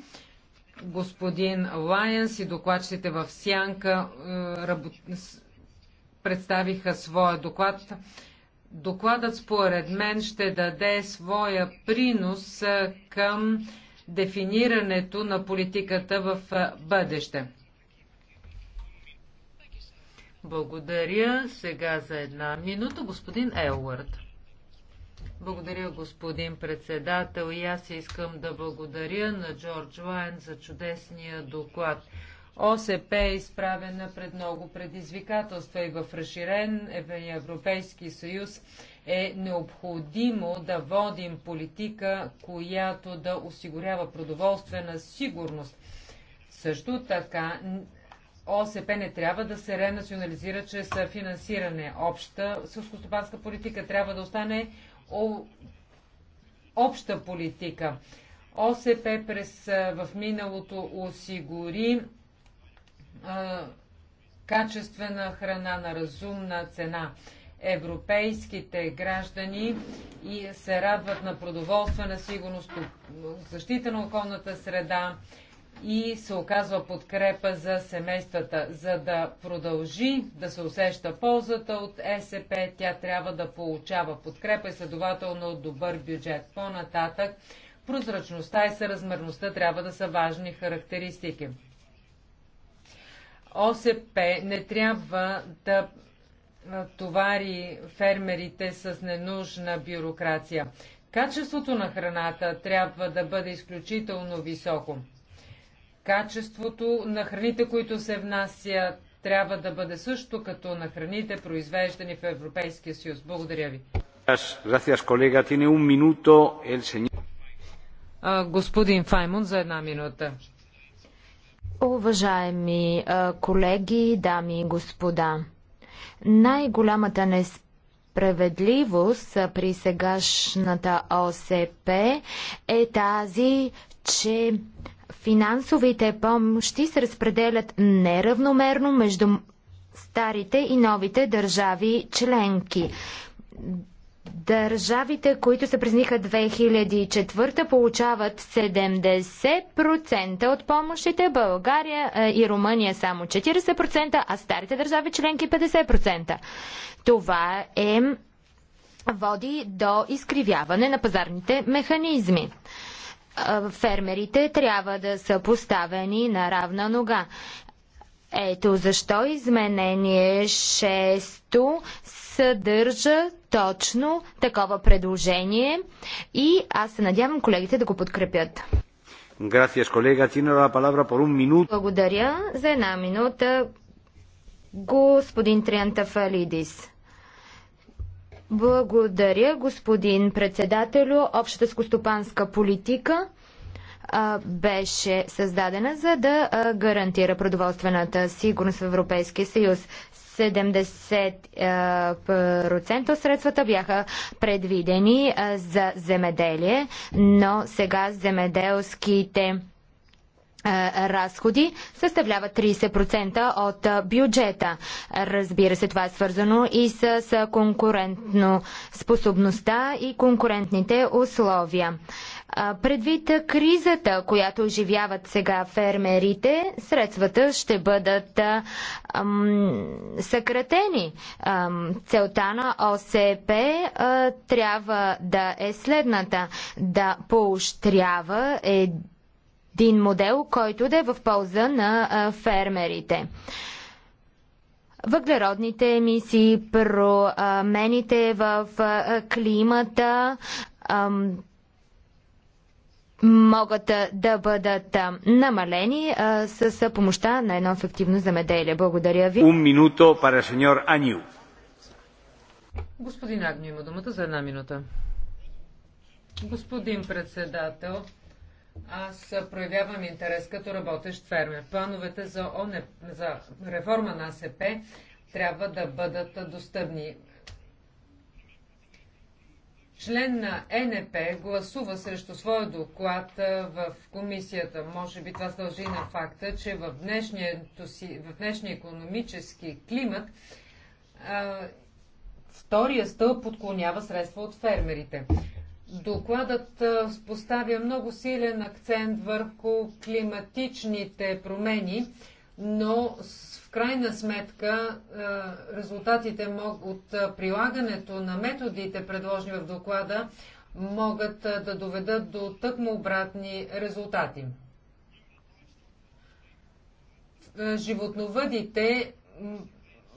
Господин Лайенс и докладчите в Сянка е, работ... представиха своя доклад Докладът според мен ще даде своя принос към дефинирането на политиката в бъдеще. Благодаря. Сега за една минута господин Елвард. Благодаря, господин председател. И аз искам да благодаря на Джордж Лайн за чудесния доклад. ОСП е изправена пред много предизвикателства и в разширен Европейски съюз е необходимо да водим политика, която да осигурява продоволствена сигурност. Също така ОСП не трябва да се ренационализира чрез финансиране. Обща сълскостопанска политика трябва да остане о... обща политика. ОСП през, в миналото осигури качествена храна на разумна цена. Европейските граждани и се радват на продоволствена сигурност, защита на околната среда и се оказва подкрепа за семействата. За да продължи да се усеща ползата от СП, тя трябва да получава подкрепа и следователно от добър бюджет. По-нататък прозрачността и съразмерността трябва да са важни характеристики. ОСП не трябва да товари фермерите с ненужна бюрокрация. Качеството на храната трябва да бъде изключително високо. Качеството на храните, които се внасят, трябва да бъде също като на храните, произвеждани в Европейския съюз. Благодаря ви. Господин Файмон, за една минута. Уважаеми колеги, дами и господа, най-голямата несправедливост при сегашната ОСП е тази, че финансовите помощи се разпределят неравномерно между старите и новите държави членки. Държавите, които се признаха 2004, получават 70% от помощите, България е, и Румъния само 40%, а старите държави членки 50%. Това е води до изкривяване на пазарните механизми. Е, фермерите трябва да са поставени на равна нога. Ето защо изменение 6 съдържа точно такова предложение и аз се надявам колегите да го подкрепят. Gracias, колега. Tiene la palabra por un minuto. Благодаря за една минута, господин Триантафалидис. Благодаря, господин председателю. Общата скостопанска политика беше създадена за да гарантира продоволствената сигурност в Европейския съюз. 70% от средствата бяха предвидени за земеделие, но сега земеделските разходи съставлява 30% от бюджета. Разбира се, това е свързано и с конкурентно способността и конкурентните условия. Предвид кризата, която оживяват сега фермерите, средствата ще бъдат ам, съкратени. Ам, целта на ОСП а, трябва да е следната да поощрява е, един модел, който да е в полза на фермерите. Въглеродните емисии, промените в климата могат да бъдат намалени с помощта на едно ефективно замеделие. Благодаря ви. Un minuto para señor Аню. Господин Агню има думата за една минута. Господин председател, аз проявявам интерес като работещ фермер. Плановете за, ОНЕ, за реформа на АСП трябва да бъдат достъпни. Член на НП гласува срещу своя доклад в комисията. Може би това дължи на факта, че в днешния, в днешния економически климат втория стълб отклонява средства от фермерите. Докладът поставя много силен акцент върху климатичните промени, но в крайна сметка резултатите от прилагането на методите, предложени в доклада, могат да доведат до тъкмо обратни резултати. Животновъдите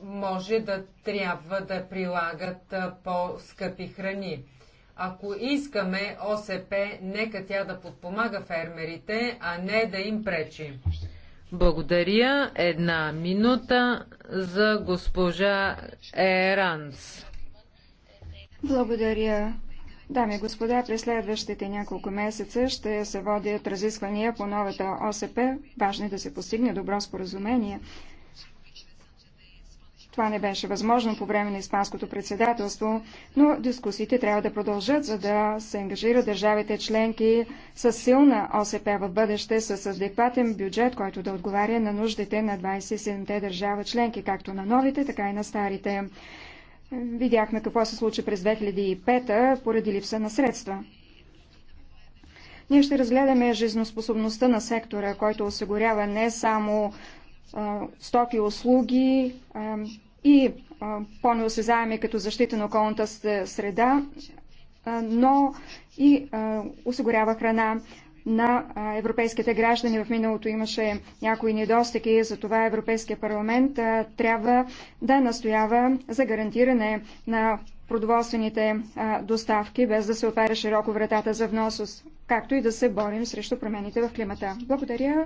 може да трябва да прилагат по-скъпи храни ако искаме ОСП, нека тя да подпомага фермерите, а не да им пречи. Благодаря. Една минута за госпожа Еранс. Благодаря. Дами и господа, през следващите няколко месеца ще се водят разисквания по новата ОСП. Важно е да се постигне добро споразумение. Това не беше възможно по време на Испанското председателство, но дискусиите трябва да продължат, за да се ангажират държавите членки с силна ОСП в бъдеще, с адекватен бюджет, който да отговаря на нуждите на 27-те държава членки, както на новите, така и на старите. Видяхме какво се случи през 2005 поради липса на средства. Ние ще разгледаме жизнеспособността на сектора, който осигурява не само стоки, услуги, и по-неосезаеми като защита на околната среда, но и осигурява храна на европейските граждани. В миналото имаше някои недостиги и за това Европейския парламент трябва да настоява за гарантиране на продоволствените доставки, без да се отваря широко вратата за внос, както и да се борим срещу промените в климата. Благодаря.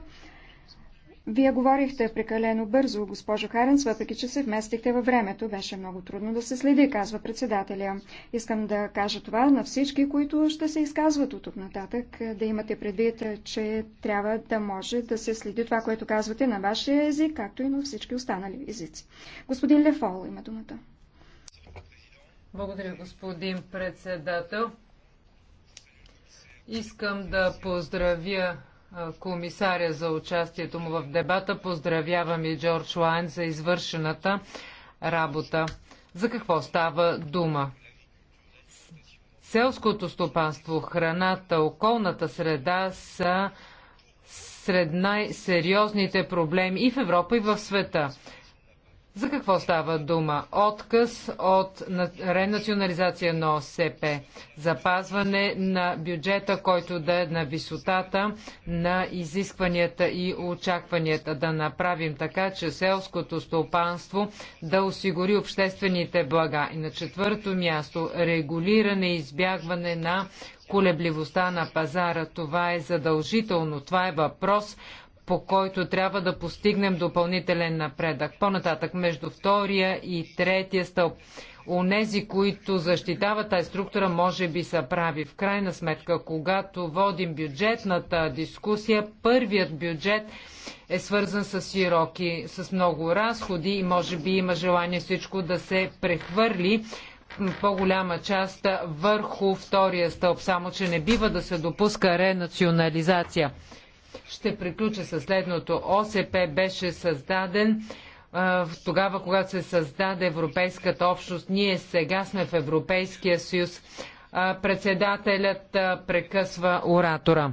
Вие говорихте прекалено бързо, госпожо Харенс, въпреки че се вместихте във времето. Беше много трудно да се следи, казва председателя. Искам да кажа това на всички, които ще се изказват от тук нататък, да имате предвид, че трябва да може да се следи това, което казвате на вашия език, както и на всички останали езици. Господин Лефол има думата. Благодаря, господин председател. Искам да поздравя комисаря за участието му в дебата. Поздравявам и Джордж Лайн за извършената работа. За какво става дума? Селското стопанство, храната, околната среда са сред най-сериозните проблеми и в Европа, и в света. За какво става дума? Отказ от ренационализация на ОСП, запазване на бюджета, който да е на висотата на изискванията и очакванията, да направим така, че селското стопанство да осигури обществените блага. И на четвърто място регулиране и избягване на колебливостта на пазара. Това е задължително. Това е въпрос, по който трябва да постигнем допълнителен напредък. По-нататък, между втория и третия стълб. Онези, които защитават тази структура, може би са прави. В крайна сметка, когато водим бюджетната дискусия, първият бюджет е свързан с широки, с много разходи и може би има желание всичко да се прехвърли по-голяма част върху втория стълб, само че не бива да се допуска ренационализация. Ще приключа със следното. ОСП беше създаден тогава, когато се създаде Европейската общност. Ние сега сме в Европейския съюз. Председателят прекъсва оратора.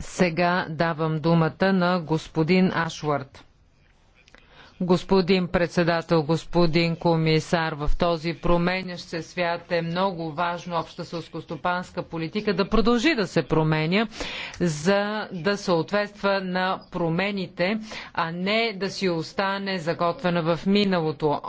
Сега давам думата на господин Ашвард. Господин председател, господин комисар, в този променящ се свят е много важно обща сълскостопанска политика да продължи да се променя, за да съответства на промените, а не да си остане заготвена в миналото.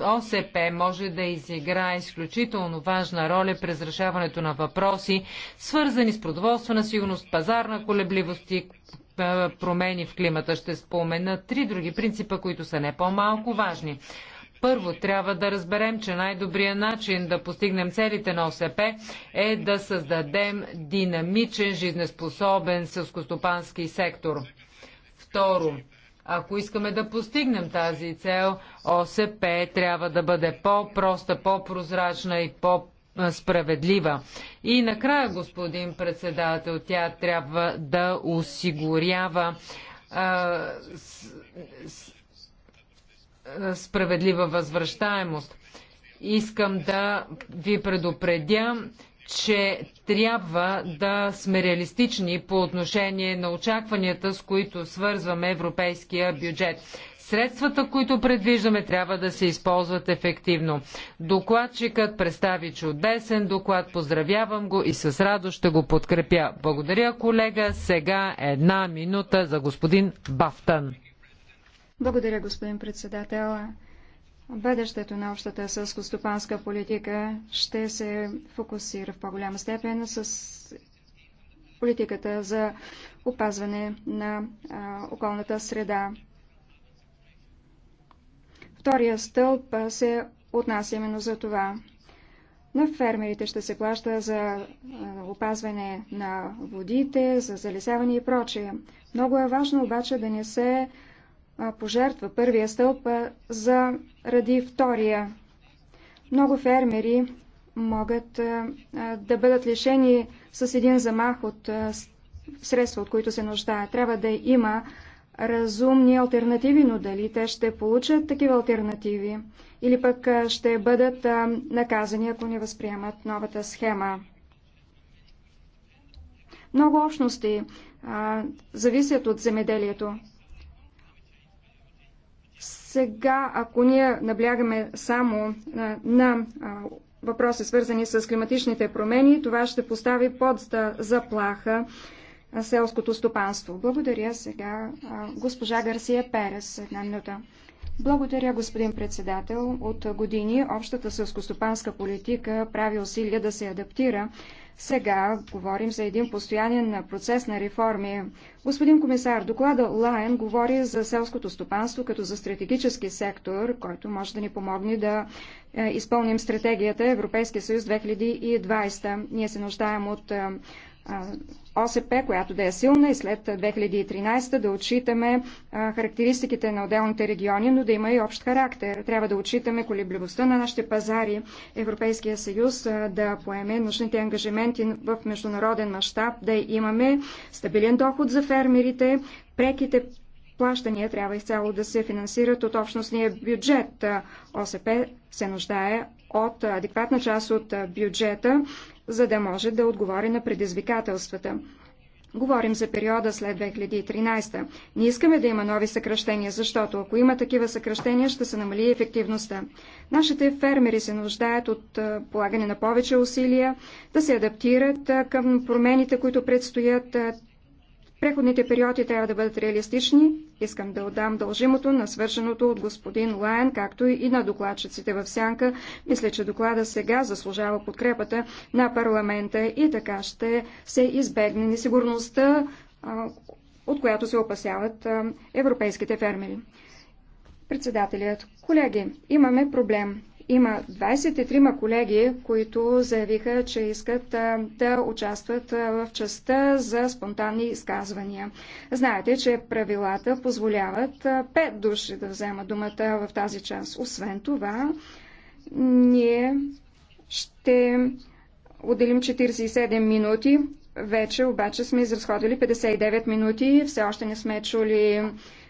ОСП може да изиграе изключително важна роля през решаването на въпроси, свързани с продоволствена сигурност, пазарна колебливост и е, промени в климата. Ще спомена три други принципа, които са не по-малко важни. Първо, трябва да разберем, че най-добрият начин да постигнем целите на ОСП е да създадем динамичен, жизнеспособен селскостопански сектор. Второ, ако искаме да постигнем тази цел, ОСП трябва да бъде по-проста, по-прозрачна и по справедлива. И накрая, господин председател, тя трябва да осигурява а, с, справедлива възвръщаемост. Искам да ви предупредя, че трябва да сме реалистични по отношение на очакванията, с които свързваме европейския бюджет. Средствата, които предвиждаме, трябва да се използват ефективно. Докладчикът представи чудесен доклад. Поздравявам го и с радост ще го подкрепя. Благодаря, колега. Сега една минута за господин Бафтън. Благодаря, господин председател. Бъдещето на общата сълскостопанска политика ще се фокусира в по-голяма степен с политиката за опазване на а, околната среда. Втория стълб се отнася именно за това. На фермерите ще се плаща за опазване на водите, за залесяване и прочее. Много е важно обаче да не се пожертва първия стълб заради втория. Много фермери могат да бъдат лишени с един замах от средства, от които се нуждаят. Трябва да има разумни альтернативи, но дали те ще получат такива альтернативи или пък ще бъдат наказани, ако не възприемат новата схема. Много общности а, зависят от земеделието. Сега, ако ние наблягаме само а, на а, въпроси, свързани с климатичните промени, това ще постави под заплаха на селското стопанство. Благодаря сега госпожа Гарсия Перес. Една минута. Благодаря, господин председател. От години общата селскостопанска политика прави усилия да се адаптира. Сега говорим за един постоянен процес на реформи. Господин комисар, доклада Лайен говори за селското стопанство като за стратегически сектор, който може да ни помогне да е, изпълним стратегията Европейския съюз 2020. Ние се нуждаем от е, ОСП, която да е силна и след 2013 да отчитаме характеристиките на отделните региони, но да има и общ характер. Трябва да отчитаме колебливостта на нашите пазари, Европейския съюз да поеме нужните ангажименти в международен мащаб, да имаме стабилен доход за фермерите, преките плащания трябва изцяло да се финансират от общностния бюджет. ОСП се нуждае от адекватна част от бюджета за да може да отговори на предизвикателствата. Говорим за периода след 2013. Не искаме да има нови съкръщения, защото ако има такива съкръщения, ще се намали ефективността. Нашите фермери се нуждаят от полагане на повече усилия, да се адаптират към промените, които предстоят. Преходните периоди трябва да бъдат реалистични. Искам да отдам дължимото на свършеното от господин Лайен, както и на докладчиците в Сянка. Мисля, че доклада сега заслужава подкрепата на парламента и така ще се избегне несигурността, от която се опасяват европейските фермери. Председателят, колеги, имаме проблем. Има 23 колеги, които заявиха, че искат да участват в частта за спонтанни изказвания. Знаете, че правилата позволяват 5 души да вземат думата в тази част. Освен това, ние ще отделим 47 минути. Вече обаче сме изразходили 59 минути. Все още не сме чули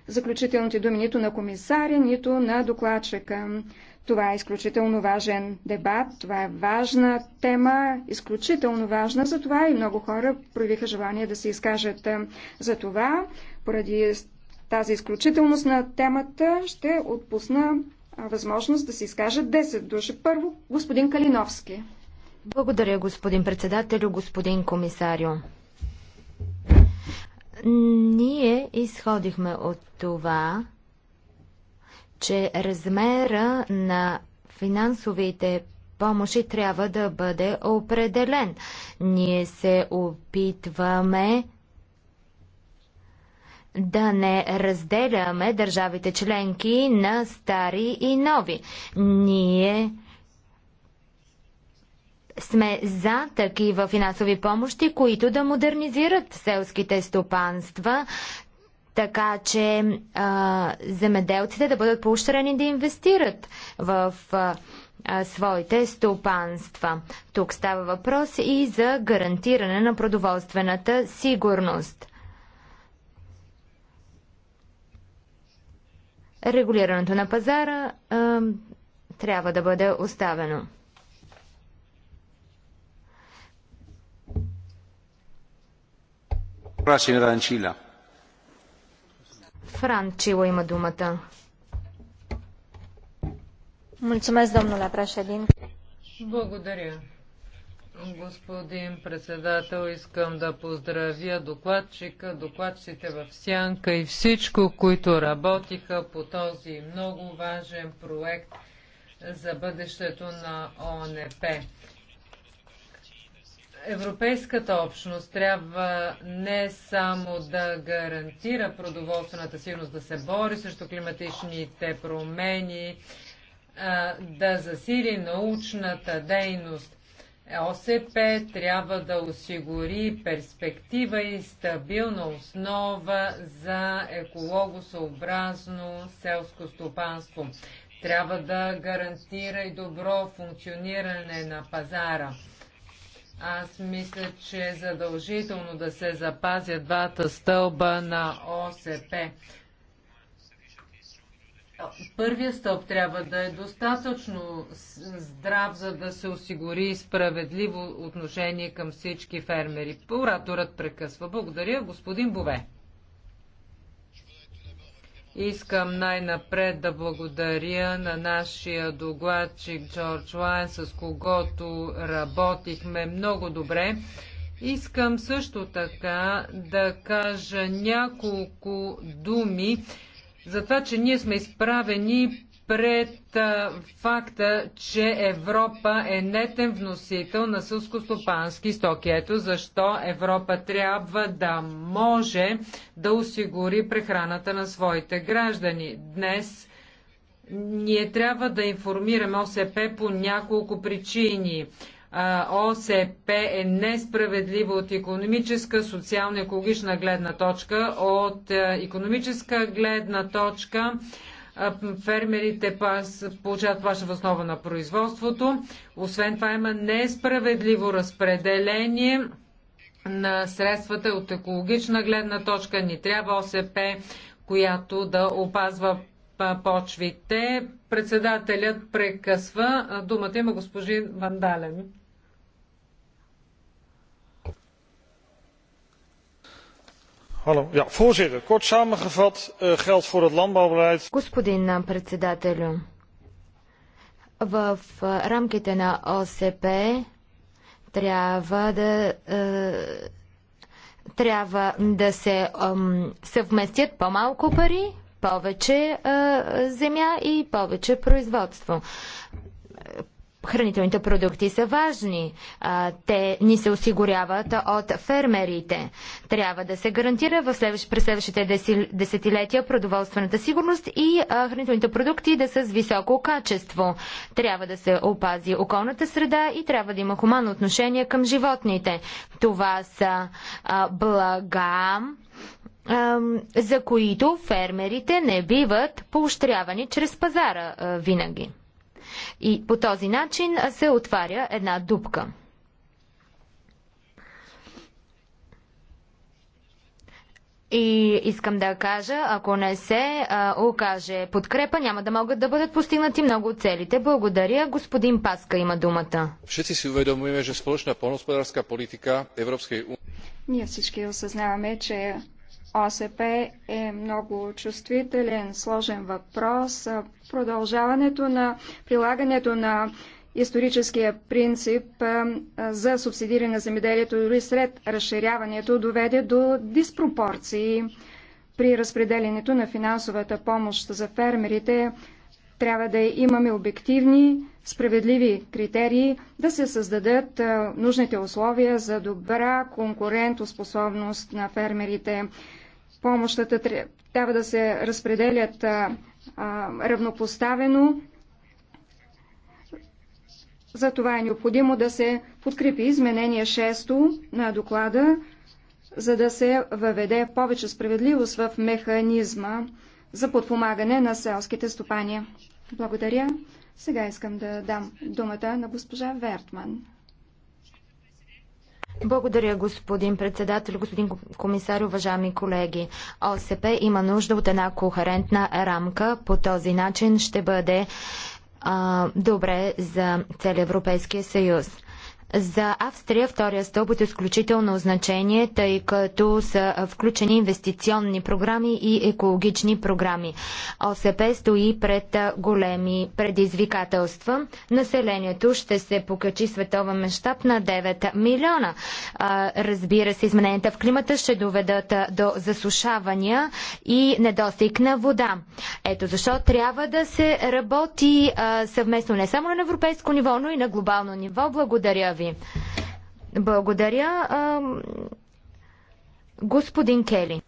заключителните думи нито на комисаря, нито на докладчика. Това е изключително важен дебат, това е важна тема, изключително важна, за това, и много хора проявиха желание да се изкажат. За това, поради тази изключителност на темата, ще отпусна възможност да се изкажат 10 души. Първо, господин Калиновски. Благодаря, господин председател, господин комисарио. Ние изходихме от това, че размера на финансовите помощи трябва да бъде определен. Ние се опитваме да не разделяме държавите членки на стари и нови. Ние сме за такива финансови помощи, които да модернизират селските стопанства, така че а, земеделците да бъдат поощрени да инвестират в а, своите стопанства. Тук става въпрос и за гарантиране на продоволствената сигурност. Регулирането на пазара а, трябва да бъде оставено. има думата. Благодаря. Господин председател, искам да поздравя докладчика, докладчите в Сянка и всичко, които работиха по този много важен проект за бъдещето на ОНП. Европейската общност трябва не само да гарантира продоволствената сигурност, да се бори срещу климатичните промени, да засили научната дейност. ОСП трябва да осигури перспектива и стабилна основа за екологосъобразно селско стопанство. Трябва да гарантира и добро функциониране на пазара аз мисля, че е задължително да се запазят двата стълба на ОСП. Първия стълб трябва да е достатъчно здрав, за да се осигури справедливо отношение към всички фермери. Ораторът прекъсва. Благодаря, господин Бове. Искам най-напред да благодаря на нашия докладчик Джордж Лайн, с когото работихме много добре. Искам също така да кажа няколко думи за това, че ние сме изправени пред а, факта, че Европа е нетен вносител на сълскостопански стоки. Ето защо Европа трябва да може да осигури прехраната на своите граждани. Днес ние трябва да информираме ОСП по няколко причини. ОСП е несправедливо от економическа, социално-екологична гледна точка, от економическа гледна точка Фермерите получават плаща в основа на производството. Освен това има несправедливо разпределение на средствата от екологична гледна точка. Ни трябва ОСП, която да опазва почвите. Председателят прекъсва. Думата има господин Вандален. Voorzitter, kort samengevat eh, geldt voor het landbouwbeleid. Господин eh, председателю, в eh, рамките на ОСП трябва да е, трябва да се съвместят по-малко пари, повече е, земя и повече производство. Хранителните продукти са важни. Те ни се осигуряват от фермерите. Трябва да се гарантира в следващ, през следващите десетилетия продоволствената сигурност и хранителните продукти да са с високо качество. Трябва да се опази околната среда и трябва да има хуманно отношение към животните. Това са блага, за които фермерите не биват поощрявани чрез пазара винаги. И по този начин се отваря една дупка. И искам да кажа, ако не се а, окаже подкрепа, няма да могат да бъдат постигнати много целите. Благодаря. Господин Паска има думата. Всички си уведомиме, че сполучна полноспадарска политика Европейския Ние всички осъзнаваме, че ОСП е много чувствителен, сложен въпрос. Продължаването на прилагането на историческия принцип за субсидиране на земеделието дори след разширяването доведе до диспропорции при разпределението на финансовата помощ за фермерите. Трябва да имаме обективни, справедливи критерии, да се създадат нужните условия за добра конкурентоспособност на фермерите помощата трябва да се разпределят равнопоставено. За това е необходимо да се подкрепи изменение 6 на доклада, за да се въведе повече справедливост в механизма за подпомагане на селските стопания. Благодаря. Сега искам да дам думата на госпожа Вертман. Благодаря, господин председател, господин комисар, уважаеми колеги. ОСП има нужда от една кохерентна рамка. По този начин ще бъде а, добре за цели Европейския съюз. За Австрия втория стълб от изключително значение, тъй като са включени инвестиционни програми и екологични програми. ОСП стои пред големи предизвикателства. Населението ще се покачи световен мащаб на 9 милиона. Разбира се, измененията в климата ще доведат до засушавания и недостиг на вода. Ето защо трябва да се работи съвместно не само на европейско ниво, но и на глобално ниво. Благодаря ви. Благодаря. Господин Кели.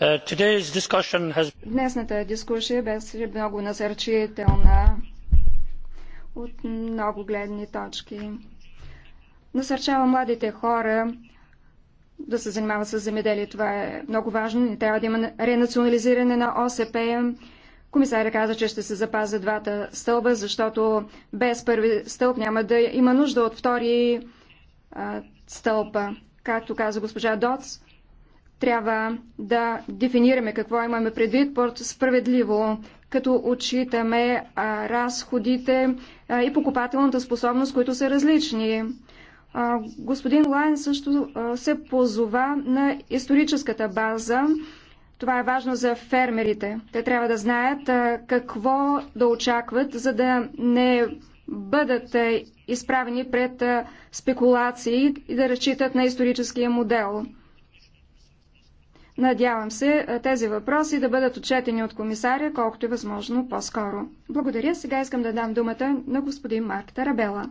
Uh, Днесната дискусия беше много насърчителна от много гледни точки. Насърчава младите хора да се занимават с земеделие. Това е много важно. Не трябва да има ренационализиране на ОСП. Комисаря каза, че ще се запазят двата стълба, защото без първи стълб няма да има нужда от втори а, стълба. Както каза госпожа Доц, трябва да дефинираме какво имаме предвид под справедливо, като отчитаме а, разходите а, и покупателната способност, които са различни. А, господин Лайн също а, се позова на историческата база това е важно за фермерите. Те трябва да знаят какво да очакват, за да не бъдат изправени пред спекулации и да разчитат на историческия модел. Надявам се тези въпроси да бъдат отчетени от комисаря, колкото е възможно по-скоро. Благодаря. Сега искам да дам думата на господин Марк Тарабела.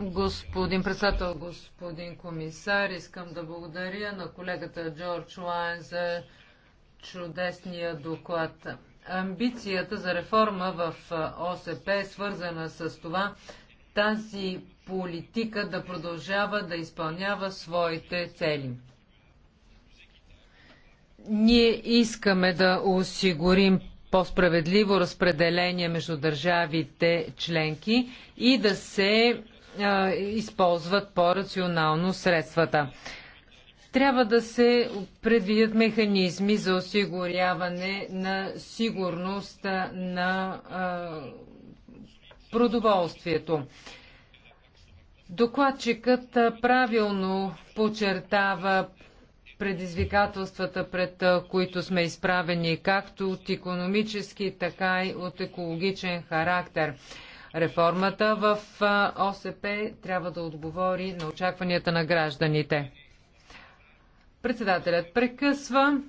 Господин председател, господин комисар, искам да благодаря на колегата Джордж Лайн за чудесния доклад. Амбицията за реформа в ОСП е свързана с това тази политика да продължава да изпълнява своите цели. Ние искаме да осигурим по-справедливо разпределение между държавите членки и да се използват по-рационално средствата. Трябва да се предвидят механизми за осигуряване на сигурност на продоволствието. Докладчикът правилно подчертава предизвикателствата, пред които сме изправени, както от економически, така и от екологичен характер. Реформата в ОСП трябва да отговори на очакванията на гражданите. Председателят прекъсва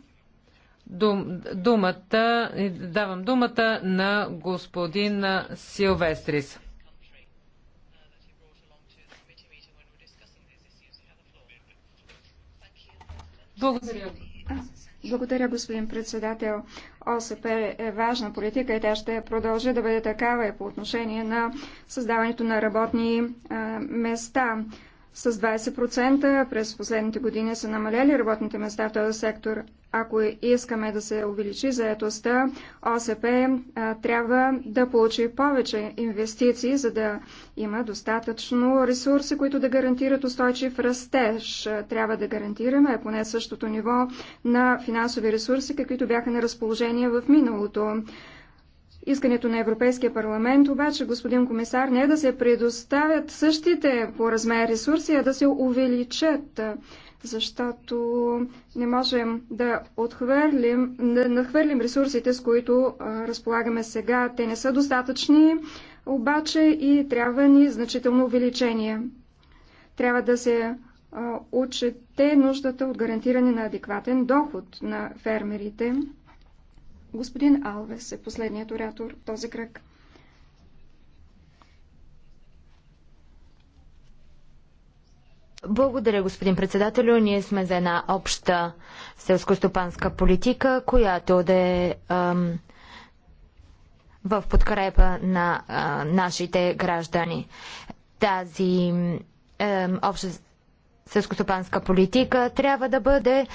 дум, думата, давам думата на господин Силвестрис. Благодаря. Благодаря, господин председател. ОСП е важна политика и тя ще продължи да бъде такава и по отношение на създаването на работни места с 20%. През последните години са намаляли работните места в този сектор. Ако искаме да се увеличи заетостта, ОСП а, трябва да получи повече инвестиции, за да има достатъчно ресурси, които да гарантират устойчив растеж. Трябва да гарантираме поне същото ниво на финансови ресурси, каквито бяха на разположение в миналото. Искането на Европейския парламент обаче, господин комисар, не е да се предоставят същите по размер ресурси, а да се увеличат, защото не можем да отхвърлим, да нахвърлим ресурсите, с които а, разполагаме сега. Те не са достатъчни, обаче и трябва ни значително увеличение. Трябва да се а, учете нуждата от гарантиране на адекватен доход на фермерите. Господин Алвес е последният оратор в този кръг. Благодаря, господин председателю. Ние сме за една обща селско-стопанска политика, която да е ам, в подкрепа на а, нашите граждани. Тази ам, обща селскостопанска политика трябва да бъде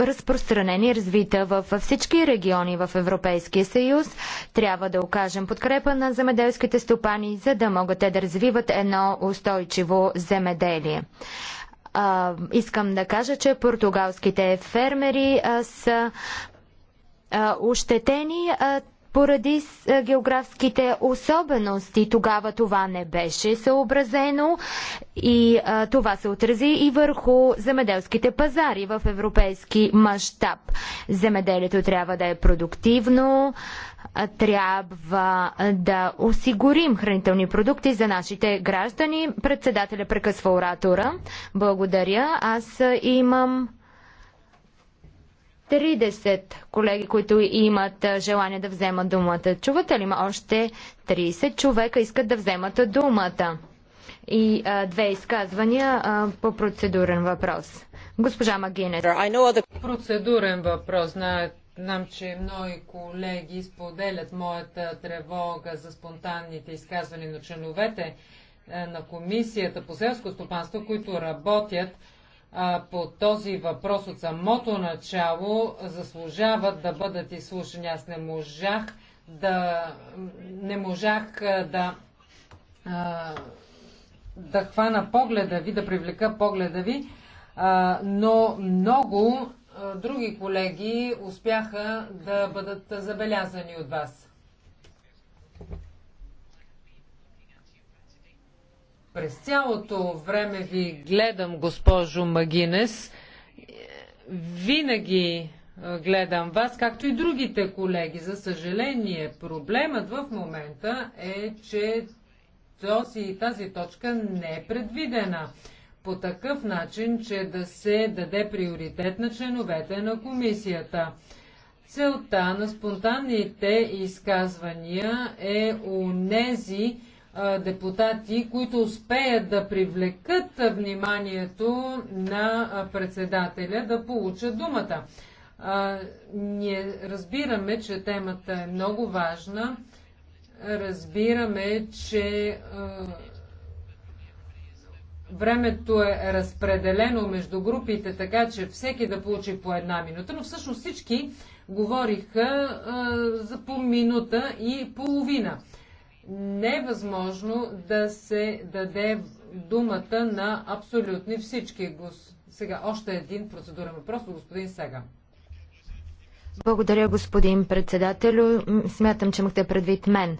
разпространен и развит в всички региони в Европейския съюз. Трябва да окажем подкрепа на земеделските стопани, за да могат те да развиват едно устойчиво земеделие. А, искам да кажа, че португалските фермери а, са а, ощетени. А, поради е, географските особености тогава това не беше съобразено и а, е, това се отрази и върху земеделските пазари в европейски мащаб. Земеделието трябва да е продуктивно, е, трябва да осигурим хранителни продукти за нашите граждани. Председателя прекъсва оратора. Благодаря. Аз имам 30 колеги, които имат желание да вземат думата. Чувате ли? ме? още 30 човека искат да вземат думата. И а, две изказвания а, по процедурен въпрос. Госпожа The... Процедурен въпрос. Знам, че мои колеги споделят моята тревога за спонтанните изказвания на членовете на Комисията по селско стопанство, които работят по този въпрос от самото начало заслужават да бъдат изслушани. Аз не можах да не можах да да хвана погледа ви, да привлека погледа ви, но много други колеги успяха да бъдат забелязани от вас. През цялото време ви гледам, госпожо Магинес. Винаги гледам вас, както и другите колеги. За съжаление, проблемът в момента е, че този, тази точка не е предвидена по такъв начин, че да се даде приоритет на членовете на комисията. Целта на спонтанните изказвания е нези, депутати, които успеят да привлекат вниманието на председателя да получат думата. Ние разбираме, че темата е много важна. Разбираме, че времето е разпределено между групите, така че всеки да получи по една минута, но всъщност всички говориха а, за по минута и половина невъзможно да се даде думата на абсолютни всички. Сега още един процедурен въпрос от господин Сега. Благодаря, господин председателю. Смятам, че имахте предвид мен.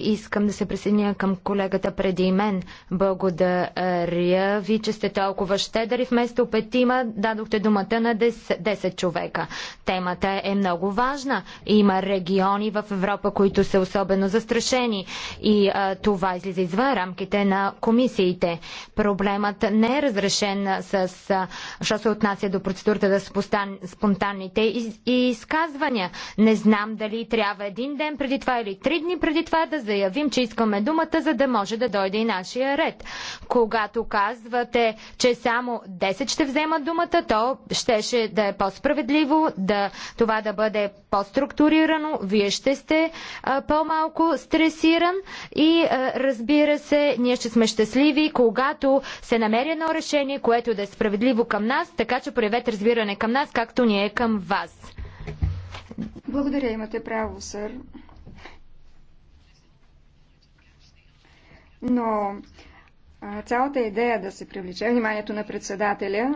Искам да се присъединя към колегата преди мен. Благодаря ви, че сте толкова щедри. Вместо петима дадохте думата на 10, 10 човека. Темата е много важна. Има региони в Европа, които са особено застрашени. И а, това излиза извън рамките на комисиите. Проблемът не е разрешен с, що се отнася до процедурата за спостан, спонтанните из, изказвания. Не знам дали трябва един ден преди това или три дни преди това това да заявим, че искаме думата, за да може да дойде и нашия ред. Когато казвате, че само 10 ще вземат думата, то щеше да е по-справедливо, да, това да бъде по-структурирано, вие ще сте по-малко стресиран и а, разбира се, ние ще сме щастливи, когато се намери едно решение, което да е справедливо към нас, така че проявете разбиране към нас, както ние към вас. Благодаря, имате право, сър. но цялата идея да се привлече вниманието на председателя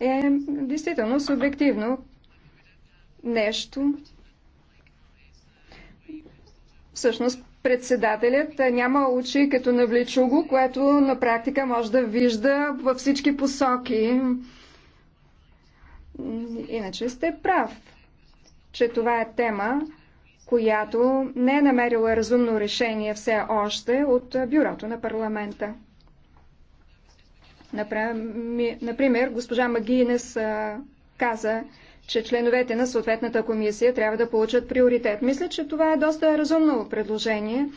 е действително субективно нещо. Всъщност, председателят няма очи като на влечуго, което на практика може да вижда във всички посоки. Иначе сте прав, че това е тема, която не е намерила разумно решение все още от бюрото на парламента. Например, госпожа Магинес каза, че членовете на съответната комисия трябва да получат приоритет. Мисля, че това е доста разумно предложение,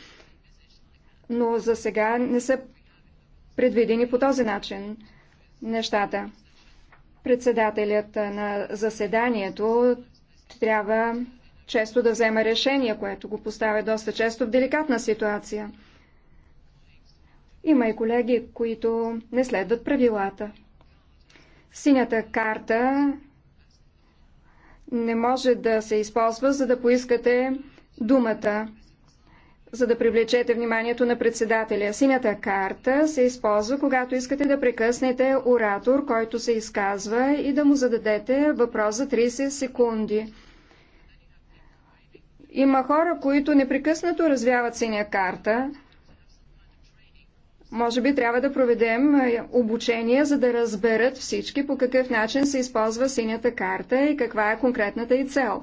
но за сега не са предвидени по този начин нещата. Председателят на заседанието трябва често да взема решение, което го поставя доста често в деликатна ситуация. Има и колеги, които не следват правилата. Синята карта не може да се използва, за да поискате думата, за да привлечете вниманието на председателя. Синята карта се използва, когато искате да прекъснете оратор, който се изказва и да му зададете въпрос за 30 секунди. Има хора, които непрекъснато развяват синя карта. Може би трябва да проведем обучение, за да разберат всички по какъв начин се използва синята карта и каква е конкретната и цел.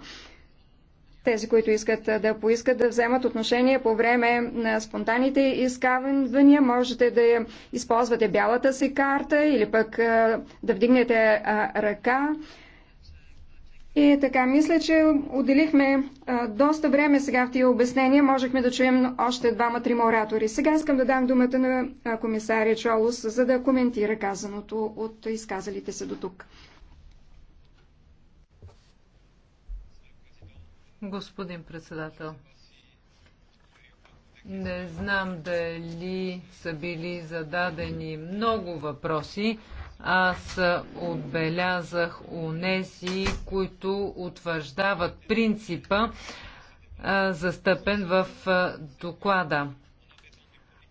Тези, които искат да поискат да вземат отношение по време на спонтанните изкавания, можете да използвате бялата си карта или пък да вдигнете ръка. И така, мисля, че отделихме а, доста време сега в тия обяснения. Можехме да чуем още двама-трима оратори. Сега искам да дам думата на комисаря Чолос, за да коментира казаното от изказалите се до тук. Господин председател, не знам дали са били зададени много въпроси. Аз отбелязах унези, които утвърждават принципа, застъпен в доклада.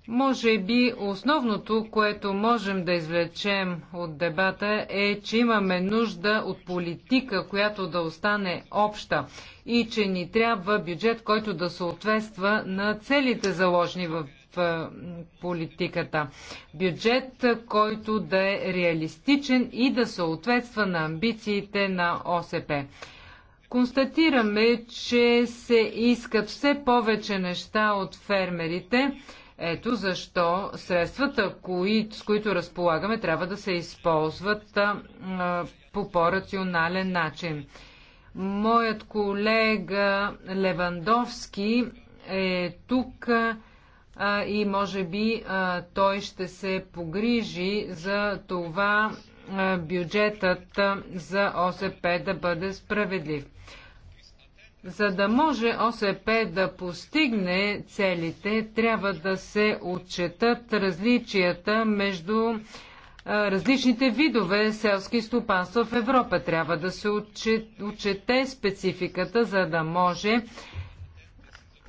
Може би основното, което можем да извлечем от дебата е, че имаме нужда от политика, която да остане обща и че ни трябва бюджет, който да съответства на целите заложени в политиката. Бюджет, който да е реалистичен и да съответства на амбициите на ОСП. Констатираме, че се искат все повече неща от фермерите. Ето защо средствата, кои, с които разполагаме, трябва да се използват а, по по-рационален начин. Моят колега Левандовски е тук. А, а, и може би а, той ще се погрижи за това а, бюджетът а, за ОСП да бъде справедлив. За да може ОСП да постигне целите, трябва да се отчетат различията между различните видове селски стопанства в Европа. Трябва да се отчете спецификата, за да може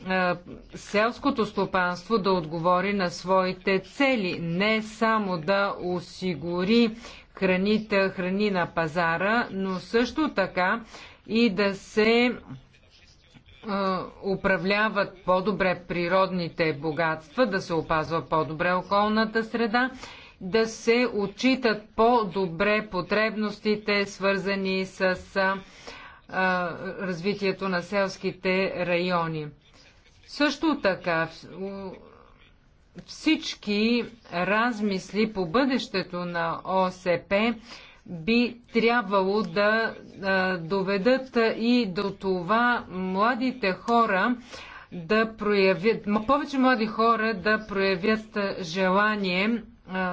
е, селското стопанство да отговори на своите цели, не само да осигури храните, храни на пазара, но също така и да се е, управляват по-добре природните богатства, да се опазва по-добре околната среда, да се отчитат по-добре потребностите, свързани с е, развитието на селските райони. Също така всички размисли по бъдещето на ОСП би трябвало да доведат и до това младите хора да проявят, повече млади хора да проявят желание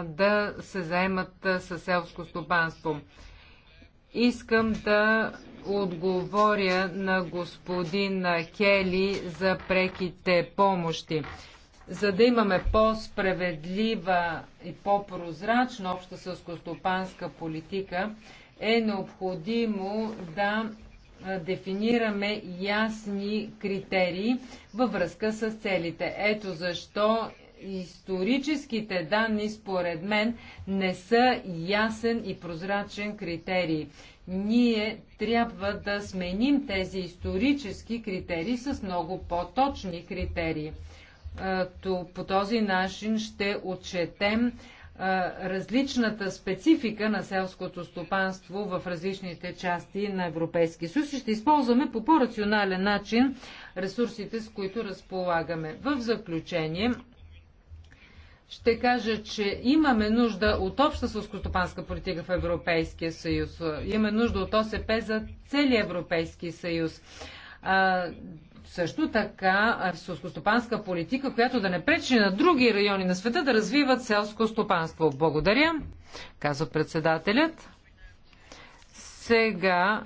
да се заемат със селско стопанство. Искам да отговоря на господин Кели за преките помощи. За да имаме по-справедлива и по-прозрачна обща сълскостопанска политика, е необходимо да дефинираме ясни критерии във връзка с целите. Ето защо историческите данни, според мен, не са ясен и прозрачен критерий ние трябва да сменим тези исторически критерии с много по-точни критерии. По този начин ще отчетем различната специфика на селското стопанство в различните части на Европейския съюз и ще използваме по по-рационален начин ресурсите, с които разполагаме. В заключение, ще кажа, че имаме нужда от обща сълскостопанска политика в Европейския съюз. Имаме нужда от ОСП за целия Европейски съюз. А, също така сълскостопанска политика, която да не пречи на други райони на света да развиват селско стопанство. Благодаря, казва председателят. Сега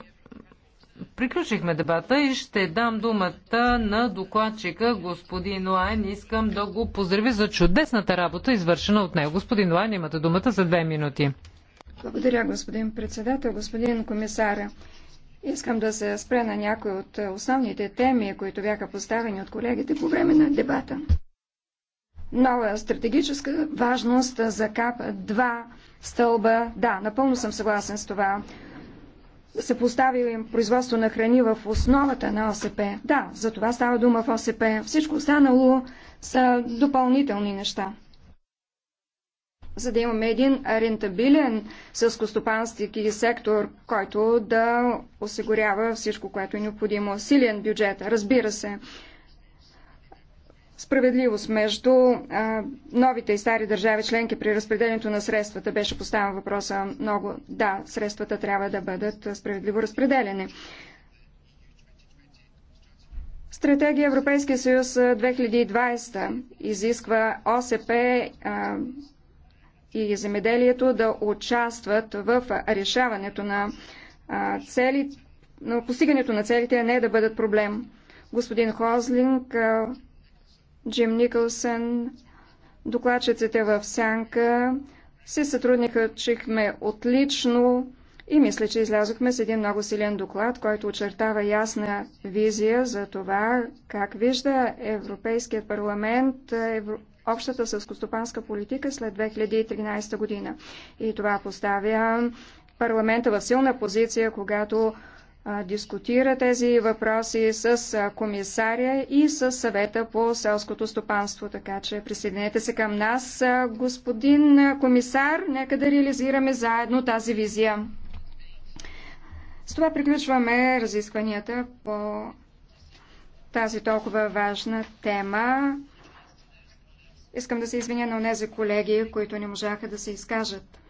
Приключихме дебата и ще дам думата на докладчика господин Лайн. Искам да го поздрави за чудесната работа, извършена от него. Господин Лайн, имате думата за две минути. Благодаря, господин председател, господин комисаря. Искам да се спре на някои от основните теми, които бяха поставени от колегите по време на дебата. Нова стратегическа важност за КАП 2 стълба. Да, напълно съм съгласен с това се постави производство на храни в основата на ОСП. Да, за това става дума в ОСП. Всичко останало са допълнителни неща. За да имаме един рентабилен сълскостопански сектор, който да осигурява всичко, което е необходимо. Силен бюджет, разбира се справедливост между а, новите и стари държави членки при разпределението на средствата. Беше поставен въпроса много. Да, средствата трябва да бъдат справедливо разпределени. Стратегия Европейския съюз 2020 изисква ОСП а, и земеделието да участват в решаването на а, цели, но постигането на целите, а не да бъдат проблем. Господин Хозлинг а, Джим Никълсън, докладчиците в Сянка, се сътрудничихме отлично и мисля, че излязохме с един много силен доклад, който очертава ясна визия за това, как вижда Европейският парламент е, евро... общата съскостопанска политика след 2013 година. И това поставя парламента в силна позиция, когато дискутира тези въпроси с комисаря и с съвета по селското стопанство. Така че присъединете се към нас. Господин комисар, нека да реализираме заедно тази визия. С това приключваме разискванията по тази толкова важна тема. Искам да се извиня на тези колеги, които не можаха да се изкажат.